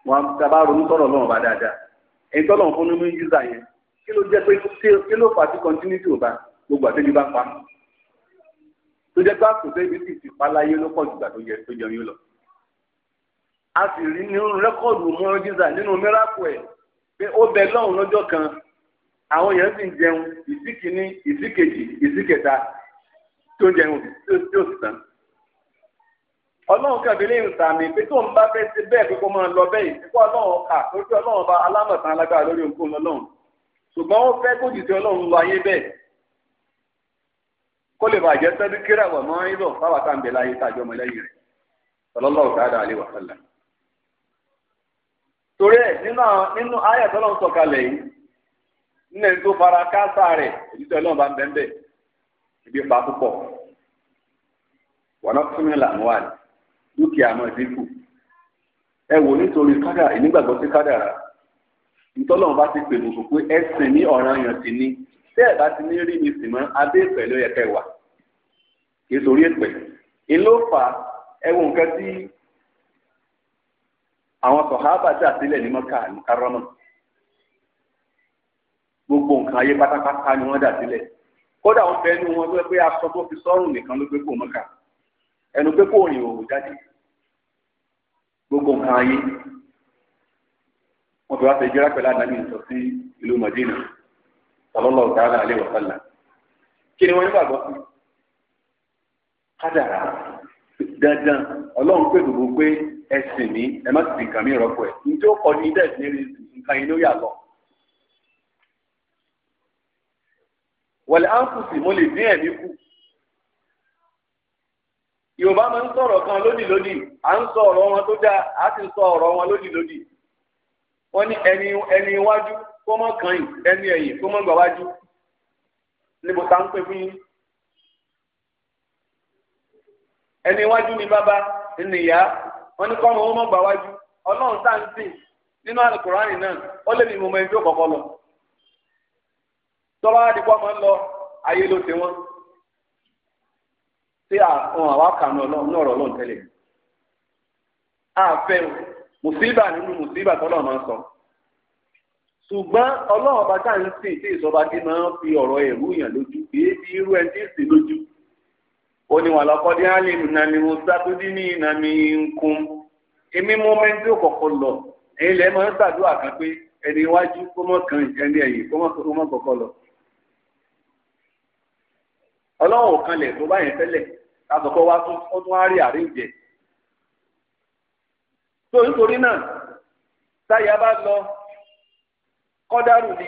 wọn tàbá ronú sọ̀rọ̀ lọ́run bá dáadáa èyí tọ́lọ̀ fún nínú mójúdà yẹn kí ló jẹ́ pé kí ló fà sí continuity ò bá gbogbo àtẹ́jú bá pa tó jẹ́ pé àkùnfẹ́ ibi sì ti paláyé ló pọ̀ jùgbà tó yẹ tó jẹ yín lọ. a sì rí nínú rẹ́kọ̀dù mọ́rọ́gísà nínú mẹ́ràkù ẹ̀ pé ó bẹ lọ́hùn lọ́jọ́ kan àwọn èèyàn sì ń jẹun ìsíkìíní ìsíkejì ìsíkẹta tó jẹun tí ó sì tán. ọlọ́run kàbí lè ń sàmì pé tó ń bá fẹ́ ṣe bẹ́ẹ̀ pé máa lọ bẹ́ẹ̀ ìsìnkú ọlọ́run kà lójú ọlọ́run bá alámọ̀tán alágbára lórí òǹkóhun ọlọ́run ṣùgbọ́n ó fẹ́ kó jù sí ọlọ́run lọ ayé bẹ́ẹ̀ kó lè bàjẹ́ sẹ́dí kíra wà mọ́ ibò fáwọn tá à ń bẹ láyé tá àjọ ọmọ lẹ́yìn rẹ̀ sallallahu ta'ala alaihi wa sallam. torí ẹ nínú nínú ayé tọ́lọ́ ń sọ̀kalẹ̀ yìí nínú ẹni tó fara káásá rẹ̀ òjijì ọlọ́run bá ń bẹ́ẹ̀ bẹ́ẹ̀ ibi pa púpọ̀ wọnà fún mi làwọn wà ní dúkìá náà dínkù ẹ wò nítorí kádàrá ìnígbàgbọ́ sí kádàrá ntọ́lọ́run bá ti pè lóko pé ẹ̀sìn ní ọ̀ràn yàn sí ní si ẹ̀ bá ti ní rí mi sì mọ́ abẹ́ ìpẹ́ ló yẹ kẹ́ wà kì í sórí ìpẹ́ ìlú fà ẹwọ nǹkan tí àwọn gbogbo nǹkan ayé pátápátá ni wọ́n dà sílẹ̀ kódà wọn fẹ́ nu wọn ló pé aṣọ tó fi sọ́rùn nìkan ló gbé kó ẹnu kó gbogbo nǹkan ayé wọn fi wá ṣe sí ìlú sallallahu ta'ala alaihi wa sallam kí ni wọ́n sí dandan ọlọ́run pé gbogbo pé ẹsìn ní ẹ má sì kàn mí rọ́pò ní tí ó kọ ní ní nǹkan yìí ló áńkùsì mo lè dín ẹ̀mí yorùbá kan à ń sọ ọrọ wọn tó dáa sọ wọn ní ẹni ẹni kó mọ́ kàn yìí ẹni ẹ̀yìn kó mọ́ gbà wájú ni mo ta ń pè fún yín. ẹni iwájú ni bàbá ni ìyá wọn ní kọ́ ọmọ wọn mọ́ gbà wájú ọlọ́run tá à ń sìn nínú àlùkùránì náà ó lé mi mo mọ ẹni tó kọ̀kọ́ lọ. tọ́lá àdìpọ̀ máa ń lọ ayé ló ti wọ́n tí àwọn àwa kànú ọlọ́run náà rọ̀ ọlọ́run tẹ́lẹ̀ àfẹ́ mùsíbà nínú mùsíbà tọ́lọ́ máa ń sọ. ṣùgbọ́n ọlọ́run ọba tá ń sìn tí ìsọba kí máa ń fi ọ̀rọ̀ ẹ̀rú yàn lójú bí ti irú ẹni tí ń sìn lójú. ó ní wà lọ́kọ́dé nà mo ní ìnami nkún ẹni iwájú kó mọ̀ kan ẹni ẹ̀yìn lọ. ọlọ́run ò kanlẹ̀ tó bá yẹn tẹ́lẹ̀ àtọ̀kọ́ wa tún wá rí àárín kọ́dárù ni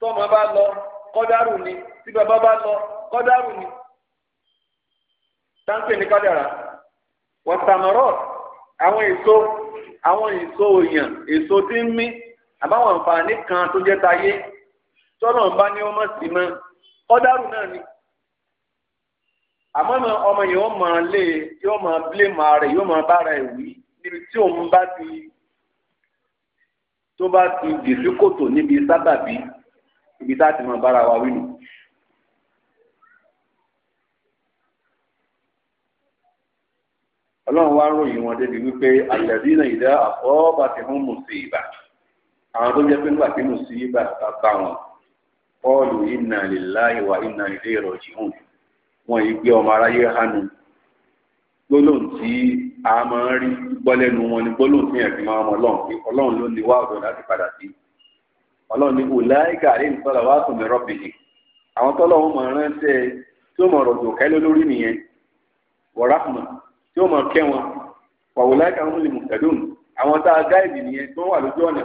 tọ́mọ bá lọ kọ́dárù ni tí bàbá bá lọ kọ́dárù ni táǹpẹ̀ ní kádàrá wọ̀tàmọ̀rọ̀ àwọn èso àwọn èso òyàn èso tí ń mí àbáwọn àǹfààní kan tó jẹ́ tayé tọ́nà ń bá ní ọmọ sí mọ́ kọ́dárù náà ni àmọ́ ọmọ yìí ó máa lé yóò máa blé màá rẹ̀ yóò máa bára ẹ̀ wí níbi tí òun bá ti tó bá ti dì sí kòtò níbi sábàbí ibi tá a ti mọ bára wa wí nù. ọlọ́run wá ròyìn wọn débi wípé àlẹ́bí náà ìdá àfọ́ọ́bà ti hún mùsíbà àwọn tó jẹ́ pé nígbà tí mùsíbà bá bá wọn pọ́ọ̀lù inna lillahi wa inna ilayhi raji'un wọn yìí gbé ọmọ aráyé hánu gbólóhùn tí a máa ń rí gbọ́ lẹ́nu wọn ni gbólóhùn tí yẹn fi máa mọ ọlọ́run pé ọlọ́run ló ní wá ọ̀dọ̀ láti padà sí ọlọ́run ní ọ̀làyíkà àlẹ́ ìtọ́lá wàá tún mi rọ́bìnrin àwọn tọ́lọ́run máa ránṣẹ́ tí ó mọ̀ ọ̀rọ̀ tó kẹ́lẹ́ lórí nìyẹn wọ̀ráhùnmọ̀ tí ó mọ̀ kẹ́ wọn wàwọ̀láyíkà wọn lè mú tẹ̀dùn àwọn tá a gáìdì nìyẹn tó wà lójú ọ̀nà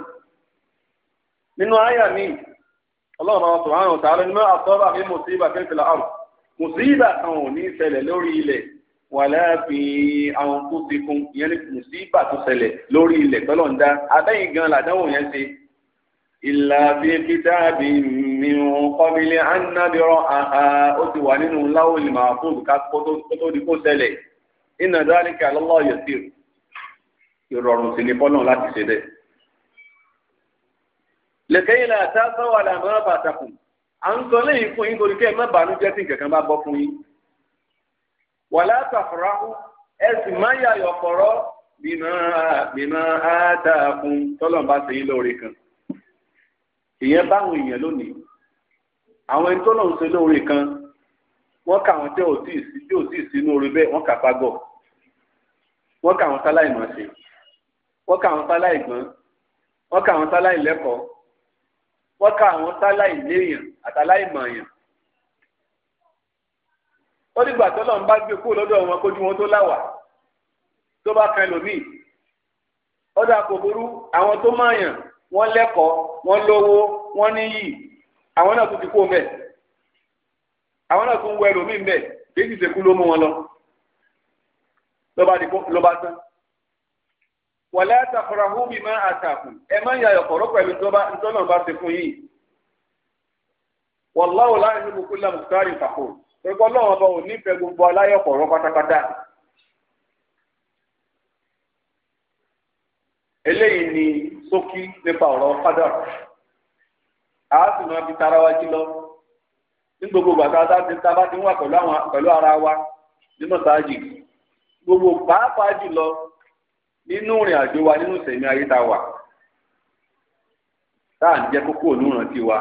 nínú wàlẹ́ fi àwọn tó ti kún ìyẹn ní mùsíbà tó ṣẹlẹ̀ lórí ilẹ̀ tọ́lọ̀ ń dá abẹ́yìn gan làdánwò yẹn ṣe. ìlà fi kitabi min qabli an nabra'aha ó ti wà nínú láwùlì mahfuz ká kó tó di kó ṣẹlẹ̀ inna dhalika ala Allah yasir ìrọ̀rùn sì ni fọ́nà láti ṣe bẹ́ẹ̀. lẹ́kẹ́yìn là tá a sọ wà lámọ́ bàtàkùn à ń sọ lẹ́yìn fún yín torí kẹ́ ẹ má bàánú jẹ́ sí nǹkan kan bá bọ́ fún yín wàlá tàfàràhù ẹ sì má yàyọ̀ kọ̀rọ̀ bímọ àádáàkùn tọ́lọ́mbà sí yín lóore kan ìyẹn báwọn èèyàn lónìí àwọn ẹni tọ́lọ̀ ń ṣe lóore kan wọ́n kà wọ́n tẹ́ òtí sí tí òtí sí inú orí bẹ́ẹ̀ wọ́n kà pagọ̀ wọ́n kà wọ́n sáláì mọ̀ ṣe wọ́n kà wọ́n sáláì gbọ́n wọ́n kà wọ́n sáláì lẹ́kọ̀ọ́ wọ́n kà wọ́n sáláì léèyàn àtàláì mọ̀ọ̀yàn wọ́n dịgbà tó lọ́n bá gbé kúrò lọ́dọ̀ wọn kójú wọn tó láwà tó bá kan lòmíì ọ̀dà kò burú àwọn tó yàn, wọ́n lẹ́kọ̀ọ́ wọ́n lówó wọ́n níyì àwọn náà tún ti àwọn náà wọ ẹlòmíì ló wọn lọ ló bá tán. wàlẹ́ àtàkùrọ̀hù mi máa àtàkùn ẹ má yà ọ̀pọ̀rọ̀ pẹ̀lú ntọ́nà bá ẹ̀kọ́ náà ọba ò nífẹ̀ẹ́ gbogbo aláyọ̀pọ̀rọ̀ pátápátá. eléyìí ni ṣókí nípa ọ̀rọ̀ fádà a sì máa tara wa lọ ní gbogbo bàtà tá a bá ti wà pẹ̀lú ara wa nínú sáájì gbogbo pàápàá nínú ìrìn àjò wa nínú ìsẹ̀mí ayé táà jẹ jẹ́ kókó wa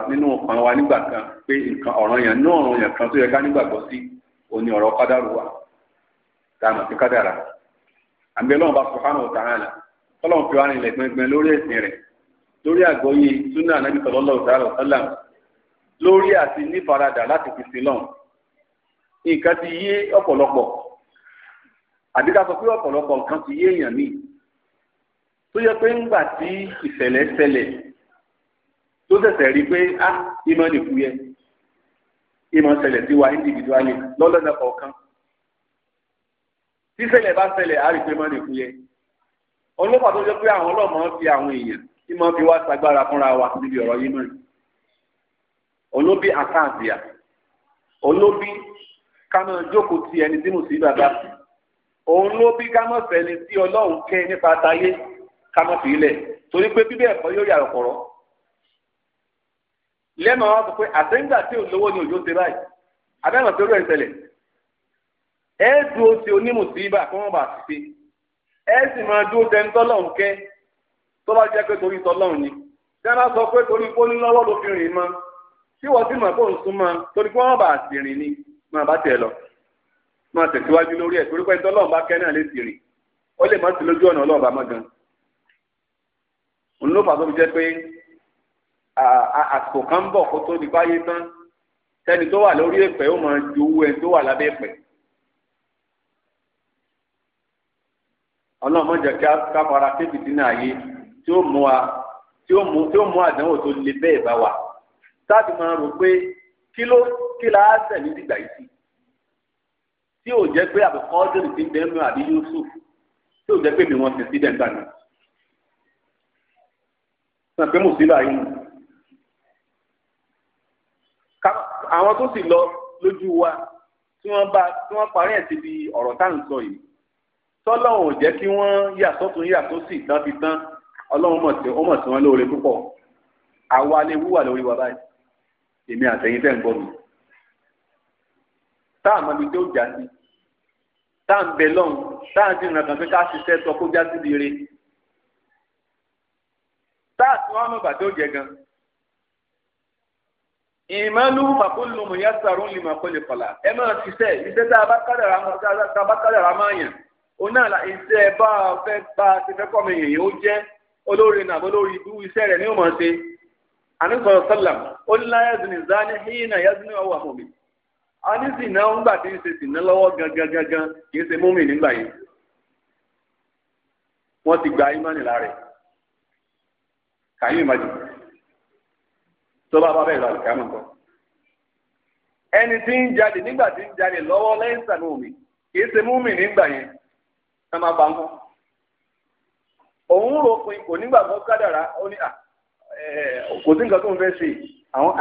nínú ọkàn wa nígbà kan pé nǹkan ọ̀ràn yẹn ọ̀ràn kan tó yẹ ká nígbàgbọ́ sí òní ọ̀rọ̀ kádàrú wa táà sí kádàrà àbí ọlọ́run bá subhanahu wa ta'ala fi wá rìnlẹ̀ gbẹngbẹn lórí ẹ̀sìn rẹ̀ lórí àgbọ́yé súnà anábì sallallahu ta'ala lórí àti nífaradà láti fi nǹkan ti yé ọ̀pọ̀lọpọ̀ àbí sọ pé ọ̀pọ̀lọpọ̀ nǹkan ti yé èèyàn tó yẹ tó tẹ̀sẹ̀ rí pé á ah, ìmọ̀ nìkú yẹ ìmọ̀ ṣẹlẹ̀ sí wa individually lọ́lọ́dọ̀ kọ̀ọ̀kan tí ṣẹlẹ̀ bá ṣẹlẹ̀ á rí pé ìmọ̀ nìkú yẹ ọlọ́pàá tó jẹ́ pé àwọn ọlọ́mọ fi àwọn èèyàn ìmọ̀ fi wá ṣagbára fúnra wa níbi ọ̀rọ̀ yìí mọ̀ olóbi àkáǹtìyà olóbi kámọ́ jókòó ti ẹni tí mo sì bàbá òun ló bí kámọ́ fẹ́ni tí ọlọ́run kẹ́ nípa tayé kámọ́ fi ilẹ̀ torí pé bíbẹ̀ ẹ̀kọ́ yóò yàrá kọ̀rọ̀ lẹ́mọ̀ wá sọ pé àtẹ́ńgbà tí ò lówó ni òjò ṣe báyìí abẹ́mọ̀ tó rẹ̀ ń ṣẹlẹ̀ ẹ dúró ti onímùsíbà kí wọ́n bá ti ṣe ẹ sì máa dúró tẹ́ ń tọ́lọ́hún kẹ́ tó bá jẹ́ pé torí tọ́lọ́hún ni tí wọ́n bá sọ pé torí pólí lọ́wọ́ ló fi rìn mọ́ tí wọ́n sì mọ̀ pé òun súnmọ́ torí pé wọ́n bá ti rìn ni máa bá tiẹ̀ lọ máa tẹ̀síwájú lórí ẹ̀ torí pé tọ́lọ́hún àsìkò kan ń bọ̀ kó tó di báyé tán sẹ́ni tó wà lórí ẹ̀pẹ̀ ó máa ju owó ẹni tó wà lábẹ́ ẹ̀pẹ̀. ọlọ́run mọ̀jẹ̀ kí a fara kébìtì náà yé tí ó mú a tí ó mú tí ó mú àdánwò tó le bẹ́ẹ̀ bá wa sáàtì máa rò pé kí ló kí la á sẹ̀ níbi ìgbà yìí sí tí ò jẹ́ pé àbùkọ́ ọ́dún ti bẹ́ẹ̀ mú àbí Yusuf tí ò jẹ́ pé mi wọ́n ti sí dẹ́gbà náà. sọ pé mo àwọn tó sì lọ lójú wa tí wọ́n bá tí wọ́n parí ẹ̀ síbi ọ̀rọ̀ tá à ń sọ yìí tọ́lọ́run ò jẹ́ kí wọ́n yà sọ́tún yà tó sì tán fi tán ọlọ́run mọ̀ sí ó mọ̀ sí wọn lóore púpọ̀ àwa lè wúwà lórí wa báyìí èmi àtẹ̀yìn fẹ́ ń gbọ́ mi tá à mọ̀ mi tó jà sí tá à ń bẹ lọ́hùn tá à ń dín ìrìnàkàn pé ká ṣiṣẹ́ sọ kó já síbi re tá à tún wá mọ̀ bàtẹ́ ó jẹ gan ìmọ̀lú fàkúlù mú yásàrún lè máa kọ́lé kọ́lá ẹ máa ṣiṣẹ́ iṣẹ́ tá a bá kádàrà tá a bá kádàrà máa yàn ó náà la iṣẹ́ bá a fẹ́ bá a ti fẹ́ kọ́ mi yìnyín ó jẹ́ olórí nàbó lórí ibú iṣẹ́ rẹ̀ ní ó máa ṣe àníkọ̀ọ́ sálàm ó ní láyé zini zani hínà yá zini ọwọ́ àwọn mi a ní zina ń gbà tí ń ṣe zina lọ́wọ́ gangan gangan kì í ṣe múmi nígbà yìí wọ́n ti gba imáni rẹ̀ kàyí ìmájì tó bá bá bẹ́ẹ̀ lọ àlùkámọ̀ kọ́. ẹni tí ń jáde nígbà tí ń jáde lọ́wọ́ lẹ́yìn sànú omi kìí ṣe mú mi nígbà yẹn ẹ máa bá ń kọ́. òun rò pin kò nígbà tó kádàrá ó ní kò sí nǹkan tó ń fẹ́ ṣe àwọn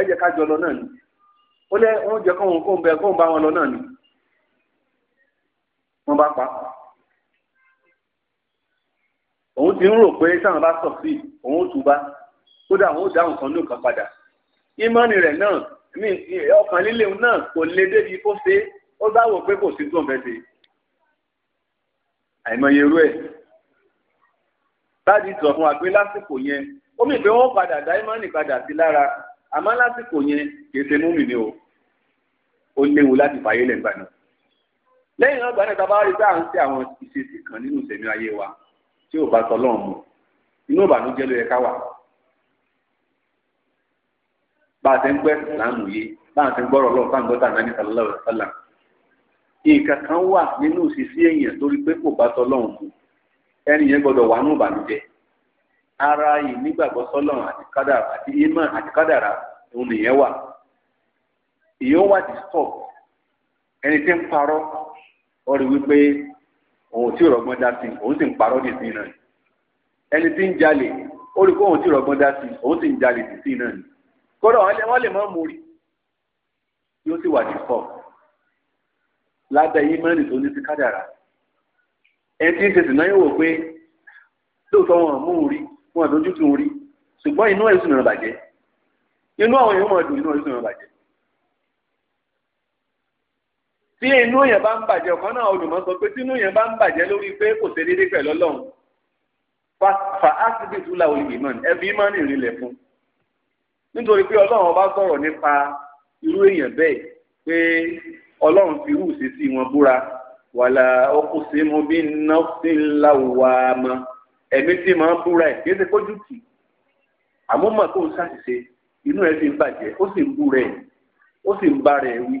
ẹ̀jẹ̀ ká jọ lọ náà ni ó lẹ́ oúnjẹ kóhun kóhun bẹ kóhun bá wọn lọ náà ni wọ́n bá pa òun ti ń rò pé sáwọn bá sọ sí òun ó tù bá kódà wọn ó dáhùn kan lóòkan padà ìmọ̀ni rẹ̀ náà mi ọkàn líle náà kò lè débi kó ṣe ó bá wò pé kò sí tó ń fẹ́ ṣe àìmọye irú ẹ̀ láti sọ fún wa pé lásìkò yẹn ó mì pé padà dá ìmọ̀ni padà sí lára àmọ́ lásìkò yẹn kì ṣe mú mi o ó léwu láti fàyè lẹ́gbàá náà lẹ́yìn náà gbani tá a bá rí pé à ń ṣe àwọn ìṣesì kan nínú ìṣẹ̀mí ayé wa tí ò bá tọ́ lọ́ọ̀mù inú ìbànújẹ́ ló yẹ ká wà. bá a sàlámù yi, gbẹ́ ìsìlámù yìí bá a gbọ́dọ̀ àná kan wà nínú èèyàn torí pé kò bá mu ẹni yẹn gbọ́dọ̀ wà ara yìí nígbàgbọ́ sọ́lọ́run àti kádàrà àti ìmọ̀ àti kádàrà òun nìyẹn wà ìyẹn wà disturb ẹni tí ń parọ́ ọ wípé òun pé òun tí rọgbọ́n dá kódà wọ́n lè mọ́ mórí yóò sì wà ní fọ́ lábẹ́ yìí mẹ́rin tó ní sí kádàrà ẹni tí ń ṣe sì náà yóò wò pé lóòótọ́ wọn mú un rí wọn àdójú tún un rí ṣùgbọ́n inú ẹ̀sùn náà bàjẹ́ inú àwọn èèyàn máa dùn inú ẹ̀sùn náà bàjẹ́ tí inú yẹn bá ń bàjẹ́ ọ̀kan náà olùmọ̀ sọ pé tí inú yẹn bá ń bàjẹ́ lórí pé kò ṣe déédéé pẹ̀lú ọlọ́run fa asibiti la olùgbìmọ̀ ẹbí mọ́ni ìrìnlẹ̀ fún un nítorí pé ọlọ́run ọba sọ̀rọ̀ nípa irú èèyàn bẹ́ẹ̀ pé ọlọ́run fi irú ìṣesí wọn búra wàlà ọkọ̀ sí mu bí nọ́ọ̀sì ńlá wà mọ ẹ̀mí tí màá búra ẹ̀ kéde kójú tì àmọ́ mà kó ń ṣàṣìṣe inú ẹ̀ ti ń bàjẹ́ ó sì ń búra ẹ̀ ó sì ń bára ẹ̀ wí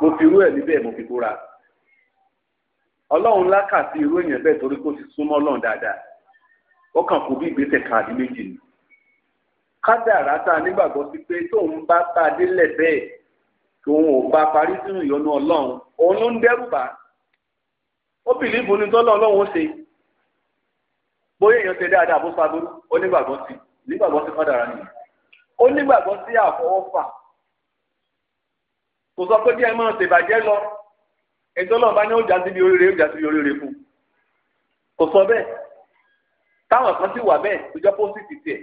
mo fi irú ẹ̀ níbẹ̀ mo fi búra ọlọ́run lákàtí irú èèyàn bẹ́ẹ̀ torí kó ti súnmọ́ ọlọ́run dáadáa ó kàn kó bí ìgbésẹ̀ kan àbí méjì ni kádàrá tá a nígbàgbọ́ sí pé tóun bá tá a délẹ̀ bẹ́ẹ̀ tóun ò bá parí sínú ìyọnu ọlọ́run òun ló ń dẹ́rù bá ó bìlíìfù ní tọ́lọ́ ọlọ́run ó ṣe bóyá èèyàn ṣe dáadáa bó fagbóró ó nígbàgbọ́ sí nígbàgbọ́ sí kádàrá nìyẹn ó nígbàgbọ́ sí àfọwọ́fà kò sọ pé bí ẹ máa ṣèbàjẹ́ lọ ẹjọ́ náà bá ní ó já síbi oríire ó já síbi oríire fún kò sọ bẹ́ẹ̀ táwọn kan sì wà bẹ́ẹ̀ tó jẹ́ pósìtì tiẹ̀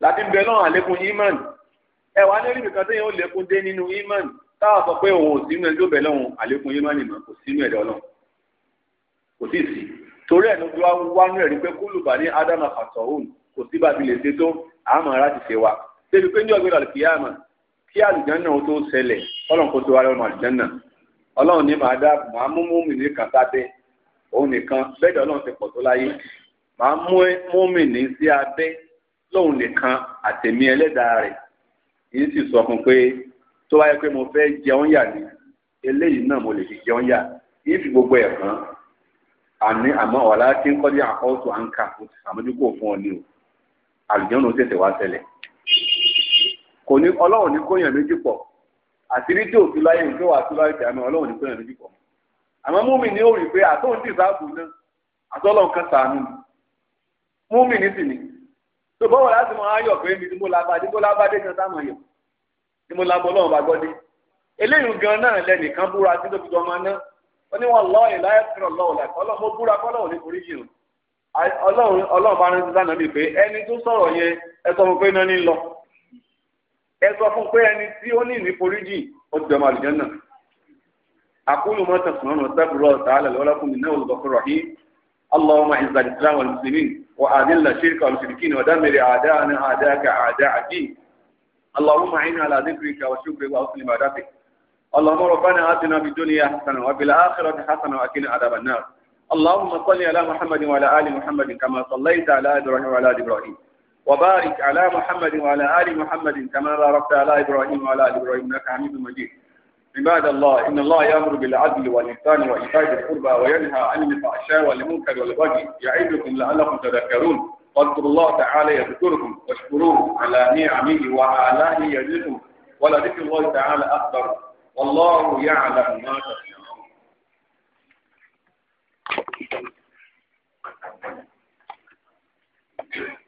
láti ń bẹ lọ́rùn àlékún imán ẹ wà ní orí nìkan téèyàn ó lékún dé nínú imán táwọn sọ pé òun ò sínú ẹjọ́ bẹ̀ lọ́rùn àlékún imán nìmọ̀ kò sínú ẹ̀dọ́ náà kò sí sí torí ẹ̀ ló fi wá wánú ẹ̀rí pé kúlùbà ní ádámà fàtọ̀hún kò sí bàbí lè ṣe tó àmọ́ ara ti ṣe wa débi pé ní ọ̀gbìn àlùkìyàmà kí àlùjánà ó tó ṣẹlẹ̀ ọlọ́run kó tó wá lọ́rùn àlùjánà ọlọ́run ní màá dá màá mú mùmínì kan sábẹ́ òun nìkan bẹ́ẹ̀ ọlọ́run ti pọ̀ tó láyé màá mú mùmínì sí abẹ́ lóun nìkan àtẹ̀mí ẹlẹ́dàá rẹ̀ yìí sì sọ fún pé tó wáyé pé mo fẹ́ jẹun yà ni eléyìí náà mo lè fi jẹun yà yìí fi gbogbo ẹ̀ hàn àní àmọ́ ọ̀la kí n kọ́ ní àkọ́tù àǹkà mo ti sàmójúkò fún ọ ní o àlùjọ́nù tètè wá ṣẹlẹ̀ kò ní ọlọ́run ní kóyàn méjì pọ̀ àti rí dòtú láyé nígbà wà tó láyé tẹ̀yàmẹ́ ọlọ́run ní kóyàn méjì pọ̀ àmọ́ múmi ní ó rí pé àtọ́hún ti sáàbù náà àtọ́lọ́run kan sàánú múmi ní sì ni tó bọ́ wọ̀ láti mọ ayọ̀ pé mi ni mo la bá dé mo la bá dé kan sáà mọ̀ yọ̀ ni mo la bọ́ lọ́wọ́ bá gbọ́ dé eléyìí gan náà lẹ́nìkan búra tí lóbi jọmọ náà ó ní wọn lọ́ọ̀ ìláyà tí wọn lọ́ọ̀ làkọ́ lọ́ọ̀ mo búra kọ́ ní orí yìí ọlọ́run ọlọ́run bá rántí lánàá mi pé ẹni tó sọ̀rọ̀ yẹn ẹ sọ fún pé náà ní lọ ẹ sọ fún pé ẹni tí ó ní ní foríjì ó ti dọ̀mọ àlùjọ náà àkúlù mọ́tàn sọ̀rọ̀ sábúrò ọ̀tá àlẹ́ lọ́lọ́kùnrin náà olùdókòrò وأذل الشرك والمشركين ودمر أعداءنا أعداءك أعداء الدين اللهم أعنا على ذكرك وشكرك وحسن عبادتك اللهم ربنا آتنا في الدنيا حسنة وفي الآخرة حسنة وأكلنا عذاب النار اللهم صل على محمد وعلى آل محمد كما صليت على إبراهيم وعلى آل إبراهيم وبارك على محمد وعلى آل محمد كما باركت على إبراهيم وعلى آل إبراهيم إنك حميد مجيد عباد الله إن الله يأمر بالعدل والإحسان وإيتاء ذي القربى وينهى عن الفحشاء والمنكر والبغي يعظكم لعلكم تذكرون فاذكروا الله تعالى يذكركم واشكروه على نعمه وآلائه يزدكم ولذكر الله تعالى أكبر والله يعلم ما تفعلون Thank you.